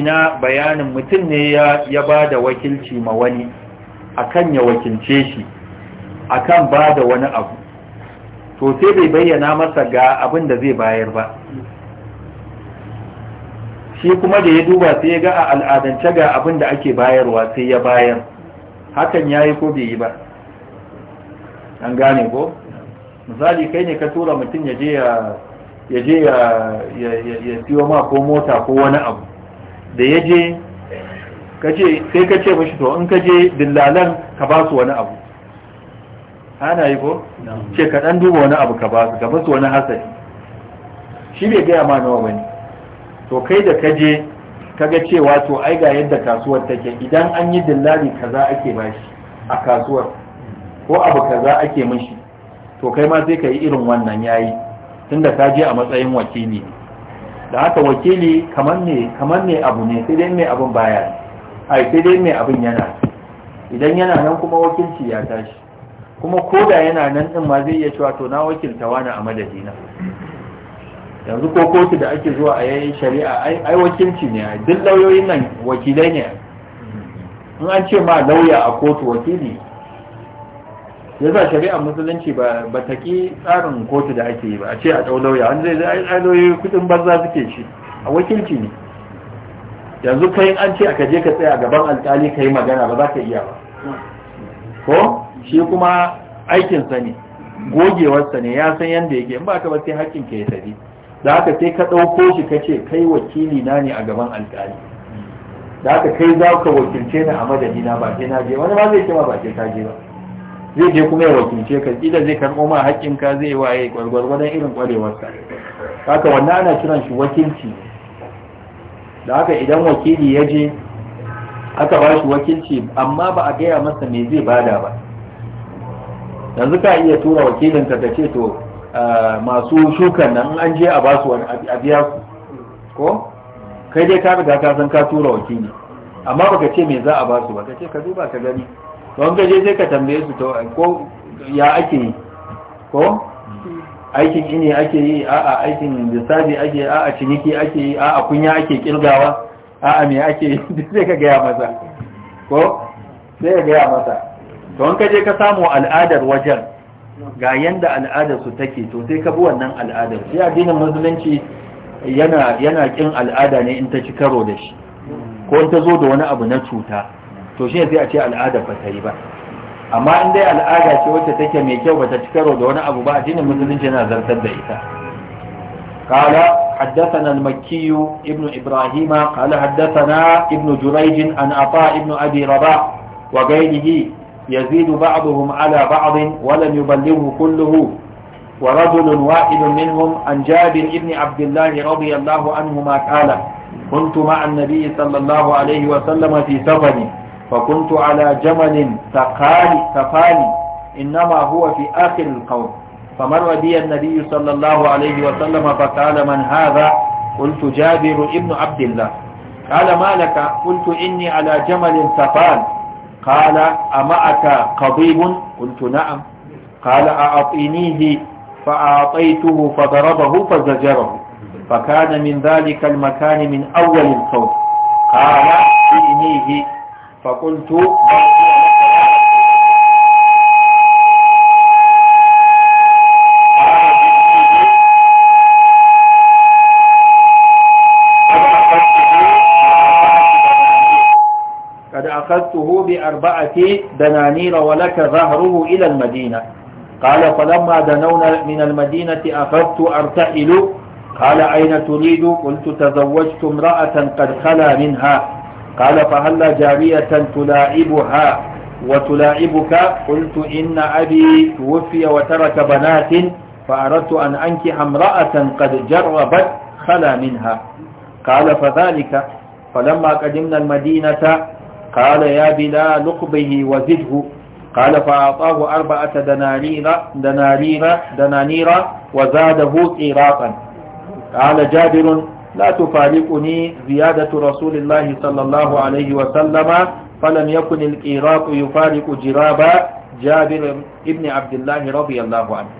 A: na bayanin mutum ne ya ya bada wakilci ma wani akan ya wakilce shi akan da wani abu to sai bai bayyana masa ga abin da zai bayar ba shi kuma da ya duba sai ya ga a al'adance ga abin da ake bayarwa sai ya bayar hakan ya yi ko bai yi ba an gane ko misali kai ne ka tura mutum ya je ya siyo ma ko mota ko wani abu da ya je sai ka ce mashi to in ka je dillalan ka ba su wani abu ana yi ko ce ka dan duba wani abu ka ba ka basu wani hasari shi bai gaya ma nawa bane to kai da ka je ka ga cewa to ai ga yadda kasuwar take idan an yi dillali kaza ake bashi a kasuwar ko abu kaza ake mishi to kai ma sai ka yi irin wannan yayi tunda ka je a matsayin wakili da haka wakili kamar ne kamar ne abu ne sai dai mai abin baya ai sai dai mai abin yana idan yana nan kuma wakilci ya tashi kuma ko da yana nan din ma zai iya cewa to na wakilta wani a madadina yanzu ko kotu da ake zuwa a yayin shari'a ai wakilci ne duk lauyoyin nan wakilai ne in an ce ma lauya a kotu wakili yasa shari'a musulunci ba ta ki tsarin kotu da ake yi ba a ce a ɗau lauya wanda zai zai ai lauyoyi kudin banza suke shi a wakilci ne yanzu kai an ce aka je ka tsaya gaban alkali ka yi magana ba za ka iya ba ko shi kuma aikinsa ne gogewarsa ne ya san yadda yake in ba ka ba sai hakkin ka ya tafi da haka sai ka ɗauko shi ka ce kai wakili na ne a gaban alƙali da haka kai za ka wakilce ni a madadina ba sai na je wani ma zai ce ma ba sai ka je ba zai je kuma ya wakilce ka ƙila zai karɓo ma haƙƙin ka zai waye gwargwargwadon irin ƙwarewarsa haka wannan ana kiran shi wakilci da haka idan wakili ya je aka ba shi wakilci amma ba a gaya masa me zai bada ba yanzu ka iya tura wakilin ka ce to ah, masu shukan nan an je a basu wani a biya ku ko kai dai ka riga ka san ka tura wakili amma baka ce me za a basu ba ka ce ka duba ka gani don ka je sai ka tambaye su to ko ya ake yi ko aikin ini ake yi a a aikin lissafi ake yi a ciniki ake yi a a kunya ake kirgawa a a me ake yi sai ka gaya masa ko sai ka gaya masa to an kaje ka samu al'adar wajen ga yanda al'adarsu take to sai ka bi wannan al'adar sai addinin musulunci yana yana kin al'ada ne in ta ci karo da shi ko in ta zo da wani abu na cuta to shi sai a ce al'ada ba ta yi ba amma in dai al'ada ce wacce take mai kyau ba ta ci karo da wani abu ba addinin musulunci yana zartar da ita قال حدثنا المكي ابن إبراهيم قال حدثنا ابن جريج عن عطاء ابن أبي رباح وغيره يزيد بعضهم على بعض ولن يبلغه كله ورجل واحد منهم عن جابر بن عبد الله رضي الله عنهما قال كنت مع النبي صلى الله عليه وسلم في سفر فكنت على جمل ثقالي ثقالي إنما هو في آخر القوم فمر بي النبي صلى الله عليه وسلم فقال من هذا قلت جابر ابن عبد الله قال ما لك قلت إني على جمل ثقال قال أمعك قضيب قلت نعم قال أعطينيه فأعطيته فضربه فزجره فكان من ذلك المكان من أول الصوت قال أعطينيه فقلت بل فأخذته بأربعة دنانير ولك ظهره إلى المدينة قال فلما دنونا من المدينة أخذت أرتحل قال أين تريد قلت تزوجت امرأة قد خلا منها قال فهل جارية تلاعبها وتلاعبك قلت إن أبي توفي وترك بنات فأردت أن أنكح امرأة قد جربت خلا منها قال فذلك فلما قدمنا المدينة قال يا بلال اقبه وزده قال فأعطاه أربعة دنانير دنانير دنانير وزاده قيراطا قال جابر لا تفارقني زيادة رسول الله صلى الله عليه وسلم فلم يكن القيراط يفارق جراب جابر ابن عبد الله رضي الله عنه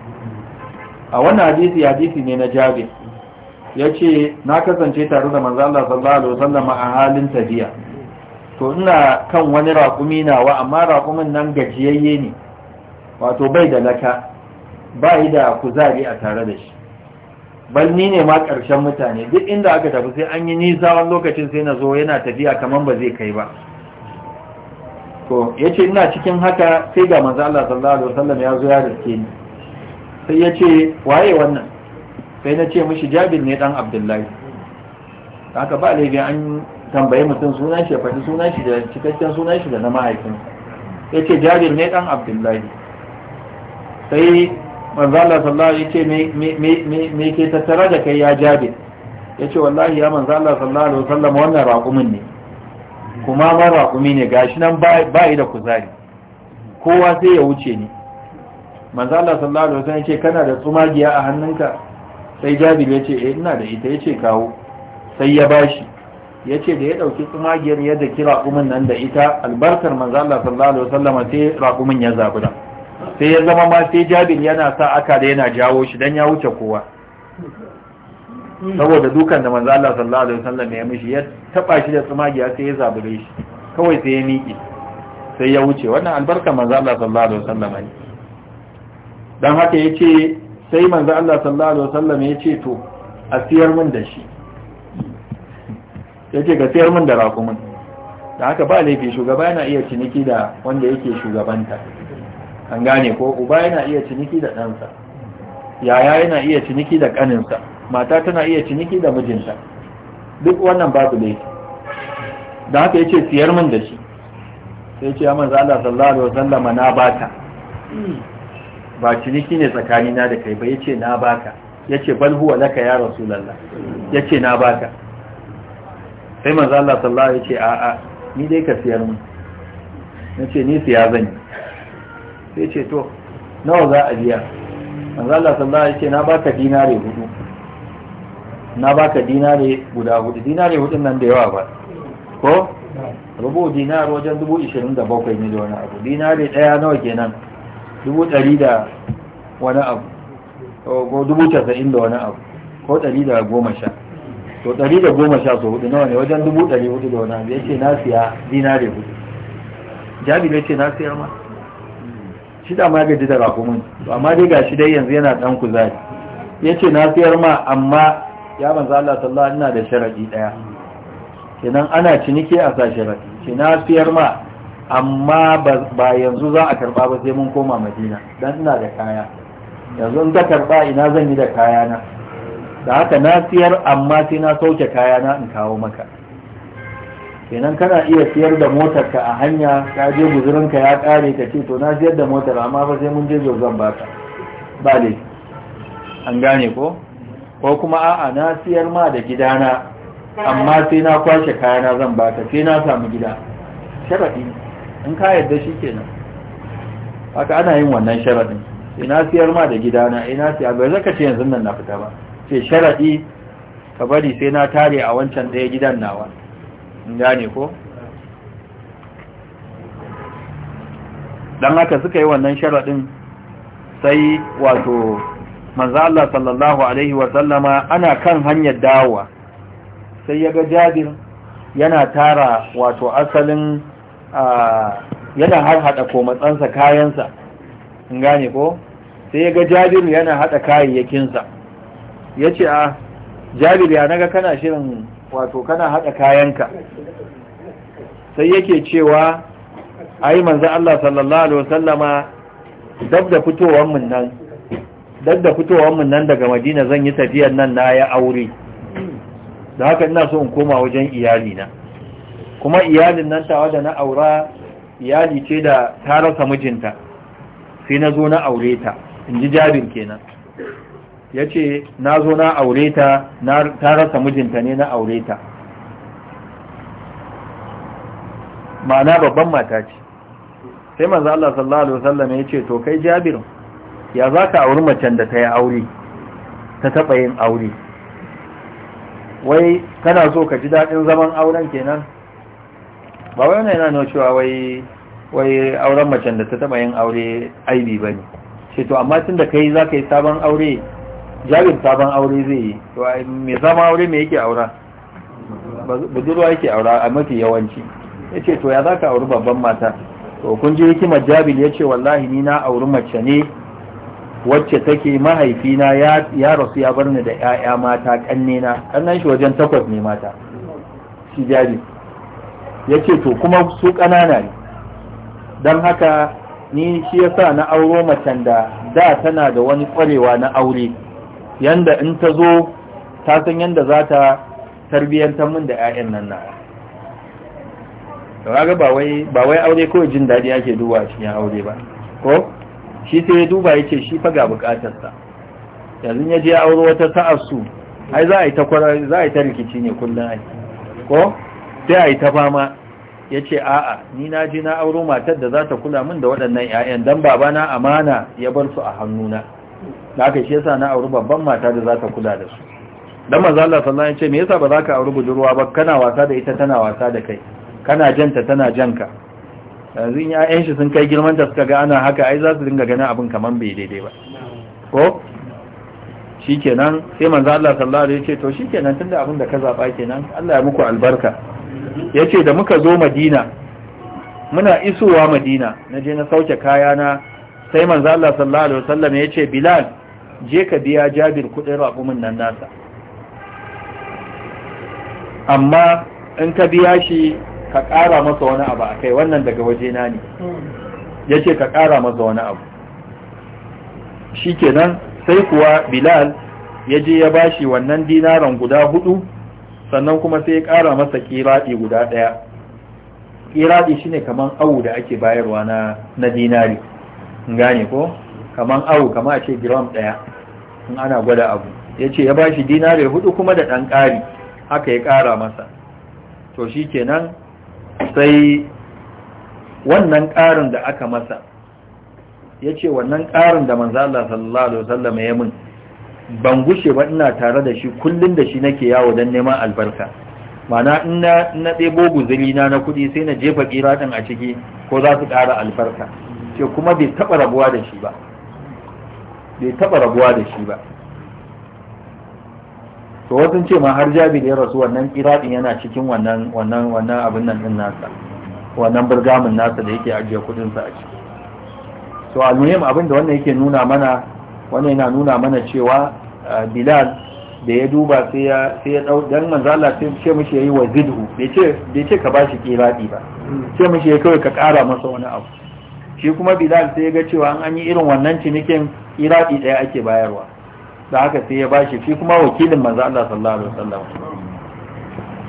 A: a wannan hadisi hadisi ne na jabir ya ce na kasance tare da manzo Allah sallallahu alaihi wasallam a halin tafiya to ina kan wani raƙumi nawa amma raƙumin nan gajiyayye ne wato bai da laka ba yi da kuzari a tare da shi bal ni ne ma ƙarshen mutane duk inda aka tafi sai an yi nisa wani lokacin sai na zo yana tafiya kamar ba zai kai ba to ya ce ina cikin haka sai ga manzo Allah sallallahu alaihi wasallam ya zo ya riske ni sai ya ce waye wannan sai na ce mishi Jabir ne dan Abdullahi haka ba laifi an tambaye mutum sunan shi ya faɗi sunan shi da cikakken sunan shi da na mahaifin ya ce jarir ne ɗan abdullahi sai manzala sallallahu ya ce me ke tattara da kai ya jabir ya ce wallahi ya manzala sallallahu alaihi wasallam wannan raƙumin ne kuma ma raƙumi ne gashi nan ba yi da kuzari kowa sai ya wuce ne manzala sallallahu alaihi wasallam ya ce kana da tsumagiya a hannunka sai jabir ya ce eh ina da ita ya ce kawo sai ya bashi ya ce da ya ɗauki tsumagiyar yadda ki raƙumin nan da ita albarkar manzo Allah sallallahu alaihi wasallam sai raƙumin ya zabi da sai ya zama ma sai Jabir yana sa aka da yana jawo shi dan ya wuce kowa saboda dukan da manzo Allah sallallahu alaihi wasallam ya mishi ya taba shi da tsumagiya sai ya zabure shi kawai sai ya miƙe sai ya wuce wannan albarkar manzo Allah sallallahu alaihi wasallam ne dan haka ya ce sai manzo Allah sallallahu alaihi wasallam ya ce to a siyar min da shi ya ce ka sayar min da rakumin da haka ba laifi shugaba yana iya ciniki da wanda yake shugabanta an gane ko uba yana iya ciniki da ɗansa yaya yana iya ciniki da ƙaninsa mata tana iya ciniki da mijinta duk wannan babu laifi da haka ya ce siyar min da shi sai ce ya manza Allah sallallahu alaihi wasallama na bata ba ciniki ne tsakanina da kai ba yace na baka yace bal huwa laka ya rasulullah yace na baka sai manzo Allah sallallahu alaihi wasallam a ce a'a ni dai ka siyar mun nace ni siya zan sai ce to nawa za a biya manzo Allah sallallahu alaihi ce na baka dinare hudu na baka dinare guda hudu dinare hudu nan da yawa ba ko rubu dinar wajen dubu ishirin da bakwai ne da wani abu dinare ɗaya nawa kenan dubu ɗari da wani abu ko dubu casa'in da wani abu ko ɗari da goma sha to ɗari da goma sha so hudu nawa ne wajen dubu ɗari hudu da wani abu ya ce na siya da hudu jabir ya ce na siya ma shi da ma gaji da rakumin amma dai ga shi dai yanzu yana ɗan kuzari ya ce na siyar ma amma ya manzo Allah sallallahu ina da sharadi ɗaya kenan ana ciniki a sa sharadi ce na siyar ma amma ba yanzu za a karɓa ba sai mun koma madina dan ina da kaya yanzu in ta karɓa ina zan yi da kaya na da haka na siyar amma sai na sauke kaya na in kawo maka kenan kana iya siyar da motar ka a hanya ka je guzurinka ya kare ka ce to na siyar da motar amma ba sai mun je zan baka ba ne an gane ko ko kuma a'a na siyar ma da gidana amma sai na kwashe kayana zan baka sai na samu gida sharadi in ka yarda kenan. haka ana yin wannan sharadin ina siyar ma da gidana ina siyar ba zaka ce yanzu nan na fita ba ce sharaɗi ka bari sai na tare a wancan ɗaya gidan nawa gane ko don haka suka yi wannan sharaɗin sai wato manzo Allah sallallahu alaihi wa sallama ana kan hanyar dawowa sai ya ga Jabir yana tara wato asalin yana har hada komatsansa kayansa in gane ko sai ya ga Jabir yana hada kayayyakinsa ya ce a ah, jabir ya naga kana shirin wato kana haɗa kayanka sai yake cewa ai manzo Allah sallallahu alaihi wasallama dab da fitowar mun nan dab da fitowar mun nan daga Madina zan yi tafiyar nan na ya aure da haka ina so in koma wajen iyali na kuma iyalin nan tawa da na aura iyali ce da ta rasa mijinta sai na zo na aure ta in ji jabir kenan ya ce na zo na aure ta ta rasa mijinta ne na aure ta ma'ana babban mata ce sai manzo Allah sallallahu alaihi wasallam ya ce to kai Jabir ya zaka auri macen da ta yi aure ta taba yin aure wai kana so ka ji dadin zaman auren kenan ba wai yana nuna cewa wai wai auren macen da ta taba yin aure aibi bane ce to amma tunda kai zaka yi sabon aure jarin sabon aure zai yi mai zama aure mai yake aura budurwa yake aura a mafi yawanci ya ce to ya za ka auri babban mata to kun ji hikimar jabil ya ce wallahi ni na auri mace ne wacce take mahaifina ya rasu ya bar ni da 'ya'ya mata kannena kannan shi wajen takwas ne mata shi jabil ya ce to kuma su ƙanana ne don haka ni shi ya sa na auro macen da da tana da wani ƙwarewa na aure yanda in ta zo ta san yanda za ta tarbiyyantar min da 'ya'yan nan na kaga ba wai ba wai aure kawai jin daɗi ake duba a cikin aure ba ko shi sai ya duba ya ce shi fa ga buƙatarsa yanzu ya je auro wata sa'ar su ai za a yi ta kwara za a yi ta rikici ne kullum ai ko sai a yi ta fama ya ce a'a ni na je na auro matar da za ta kula min da waɗannan 'ya'yan don babana amana ya bar su a hannuna da aka shi yasa na auri babban mata da za ta kula da su dan manzo Allah sallallahu alaihi wasallam ya ce me yasa ba za ka auri budurwa ba kana wasa da ita tana wasa da kai kana janta tana janka yanzu in ƴaƴan shi sun kai girman da suka ga ana haka ai za su dinga ganin abin kaman bai daidai ba ko shikenan sai manzo Allah sallallahu alaihi wasallam ya ce to shikenan tunda abin da ka zaba kenan Allah ya muku albarka yace da muka zo Madina muna isowa Madina naje na sauke kaya na sai manzo Allah sallallahu alaihi wasallam ya ce Bilal je ka biya jabir kudin raƙumin nan nasa amma in ka biya shi ka ƙara masa wani abu a kai wannan daga waje na ne ya ce ka ƙara masa wani abu shi kenan sai kuwa bilal ya je ya bashi wannan dinaran guda hudu sannan kuma sai ya ƙara masa ƙiraɗi guda ɗaya ƙiraɗi shine kamar awu da ake bayarwa na dinari gane ko kaman awu kama a ce gram ɗaya in ana gwada abu ya ce ya bashi shi dinare hudu kuma da ɗan ƙari haka ya ƙara masa to shi kenan sai wannan ƙarin da aka masa ya ce wannan ƙarin da manzala sallallahu alaihi wasallam ya min ban gushe ba ina tare da shi kullum da shi nake yawo don neman albarka mana ina na ɗebo guzuri na na kuɗi sai na jefa ɗin a ciki ko za su ƙara albarka ce kuma bai taɓa rabuwa da shi ba bai taɓa rabuwa da shi ba to wasu ce ma har jabi da ya rasu wannan iraɗin yana cikin wannan wannan wannan abin nan din nasa wannan burgamin nasa da yake ajiye kuɗinsa a ciki to almuhim abin da wannan yake nuna mana wannan yana nuna mana cewa bilal da ya duba sai ya sai ya dau dan manzo Allah sai ce mishi yayi wazidhu bai ce bai ce ka bashi kiradi ba Sai mm. mishi yayi kawai ka ƙara masa wani abu shi kuma bilal sai ya ga cewa an yi irin wannan cinikin iraki ɗaya ake bayarwa da haka sai ya bashi shi kuma wakilin manzo Allah sallallahu alaihi wasallam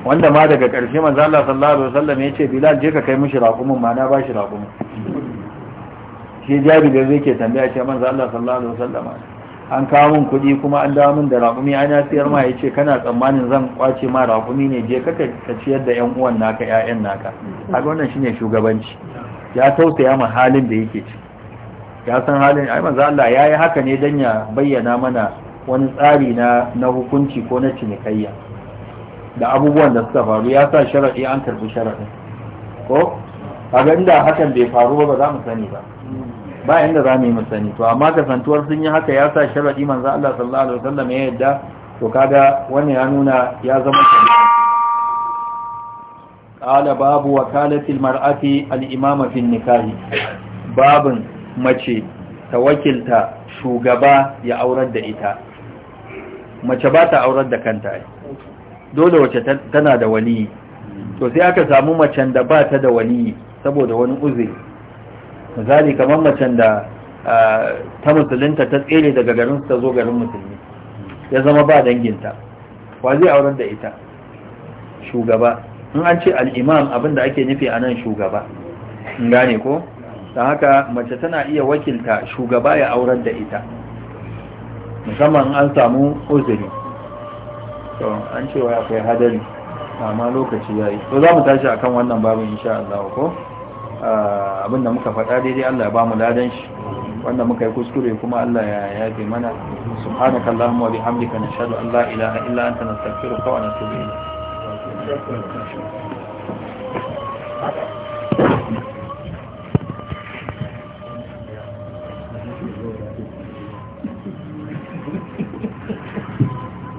A: wanda ma daga ƙarshe manzo Allah sallallahu alaihi wasallam ya ce bilal je ka kai mishi raƙumin ma na bashi raƙumin shi da zai ke tambaya ce manzo Allah sallallahu alaihi wasallam an kawo min kuɗi kuma an dawo min da raƙumi an ya siyar ma ya ce kana tsammanin zan kwace ma raƙumi ne je ka ka ciyar da ƴan uwan naka ƴaƴan naka kaga wannan shine shugabanci ya tausaya ma halin da yake ci ya san halin ai manzo Allah ya yi haka ne dan ya bayyana mana wani tsari na na hukunci ko na cinikayya da abubuwan da suka faru ya sa sharaɗi an karbi sharaɗin ko a inda hakan bai faru ba za mu sani
B: ba ba
A: inda za mu yi mu sani to amma kasantuwar sun yi haka ya sa sharaɗi manzo Allah sallallahu alaihi wasallam ya yadda to kaga wannan ya nuna ya zama kamar قال باب وكالة المرأة الإمامة في النكاح باب mace ta wakilta shugaba ya aurar da ita mace ba ta aurar da kanta dole wace tana da waliyi to sai aka samu macen da ba ta da waliyi saboda wani uzuri misali kamar macen da ta musulunta ta tsere daga garin ta zo garin musulmi ya zama ba danginta wa zai aurar da ita shugaba in an ce al'imam abinda ake nufi a nan shugaba gane ko don haka mace tana iya wakilta shugaba ya aurar da ita musamman an samu uzuri to an cewa kai hadari amma lokaci ya yi to za mu tashi akan wannan babin insha Allah ko ah, abinda muka faɗa daidai Allah ya ba mu ladan shi wanda muka yi kuskure kuma Allah ya yafe mana subhanakallahumma wa bihamdika nashhadu an la ilaha illa anta nastaghfiruka wa natubu ilayk
B: Gracias.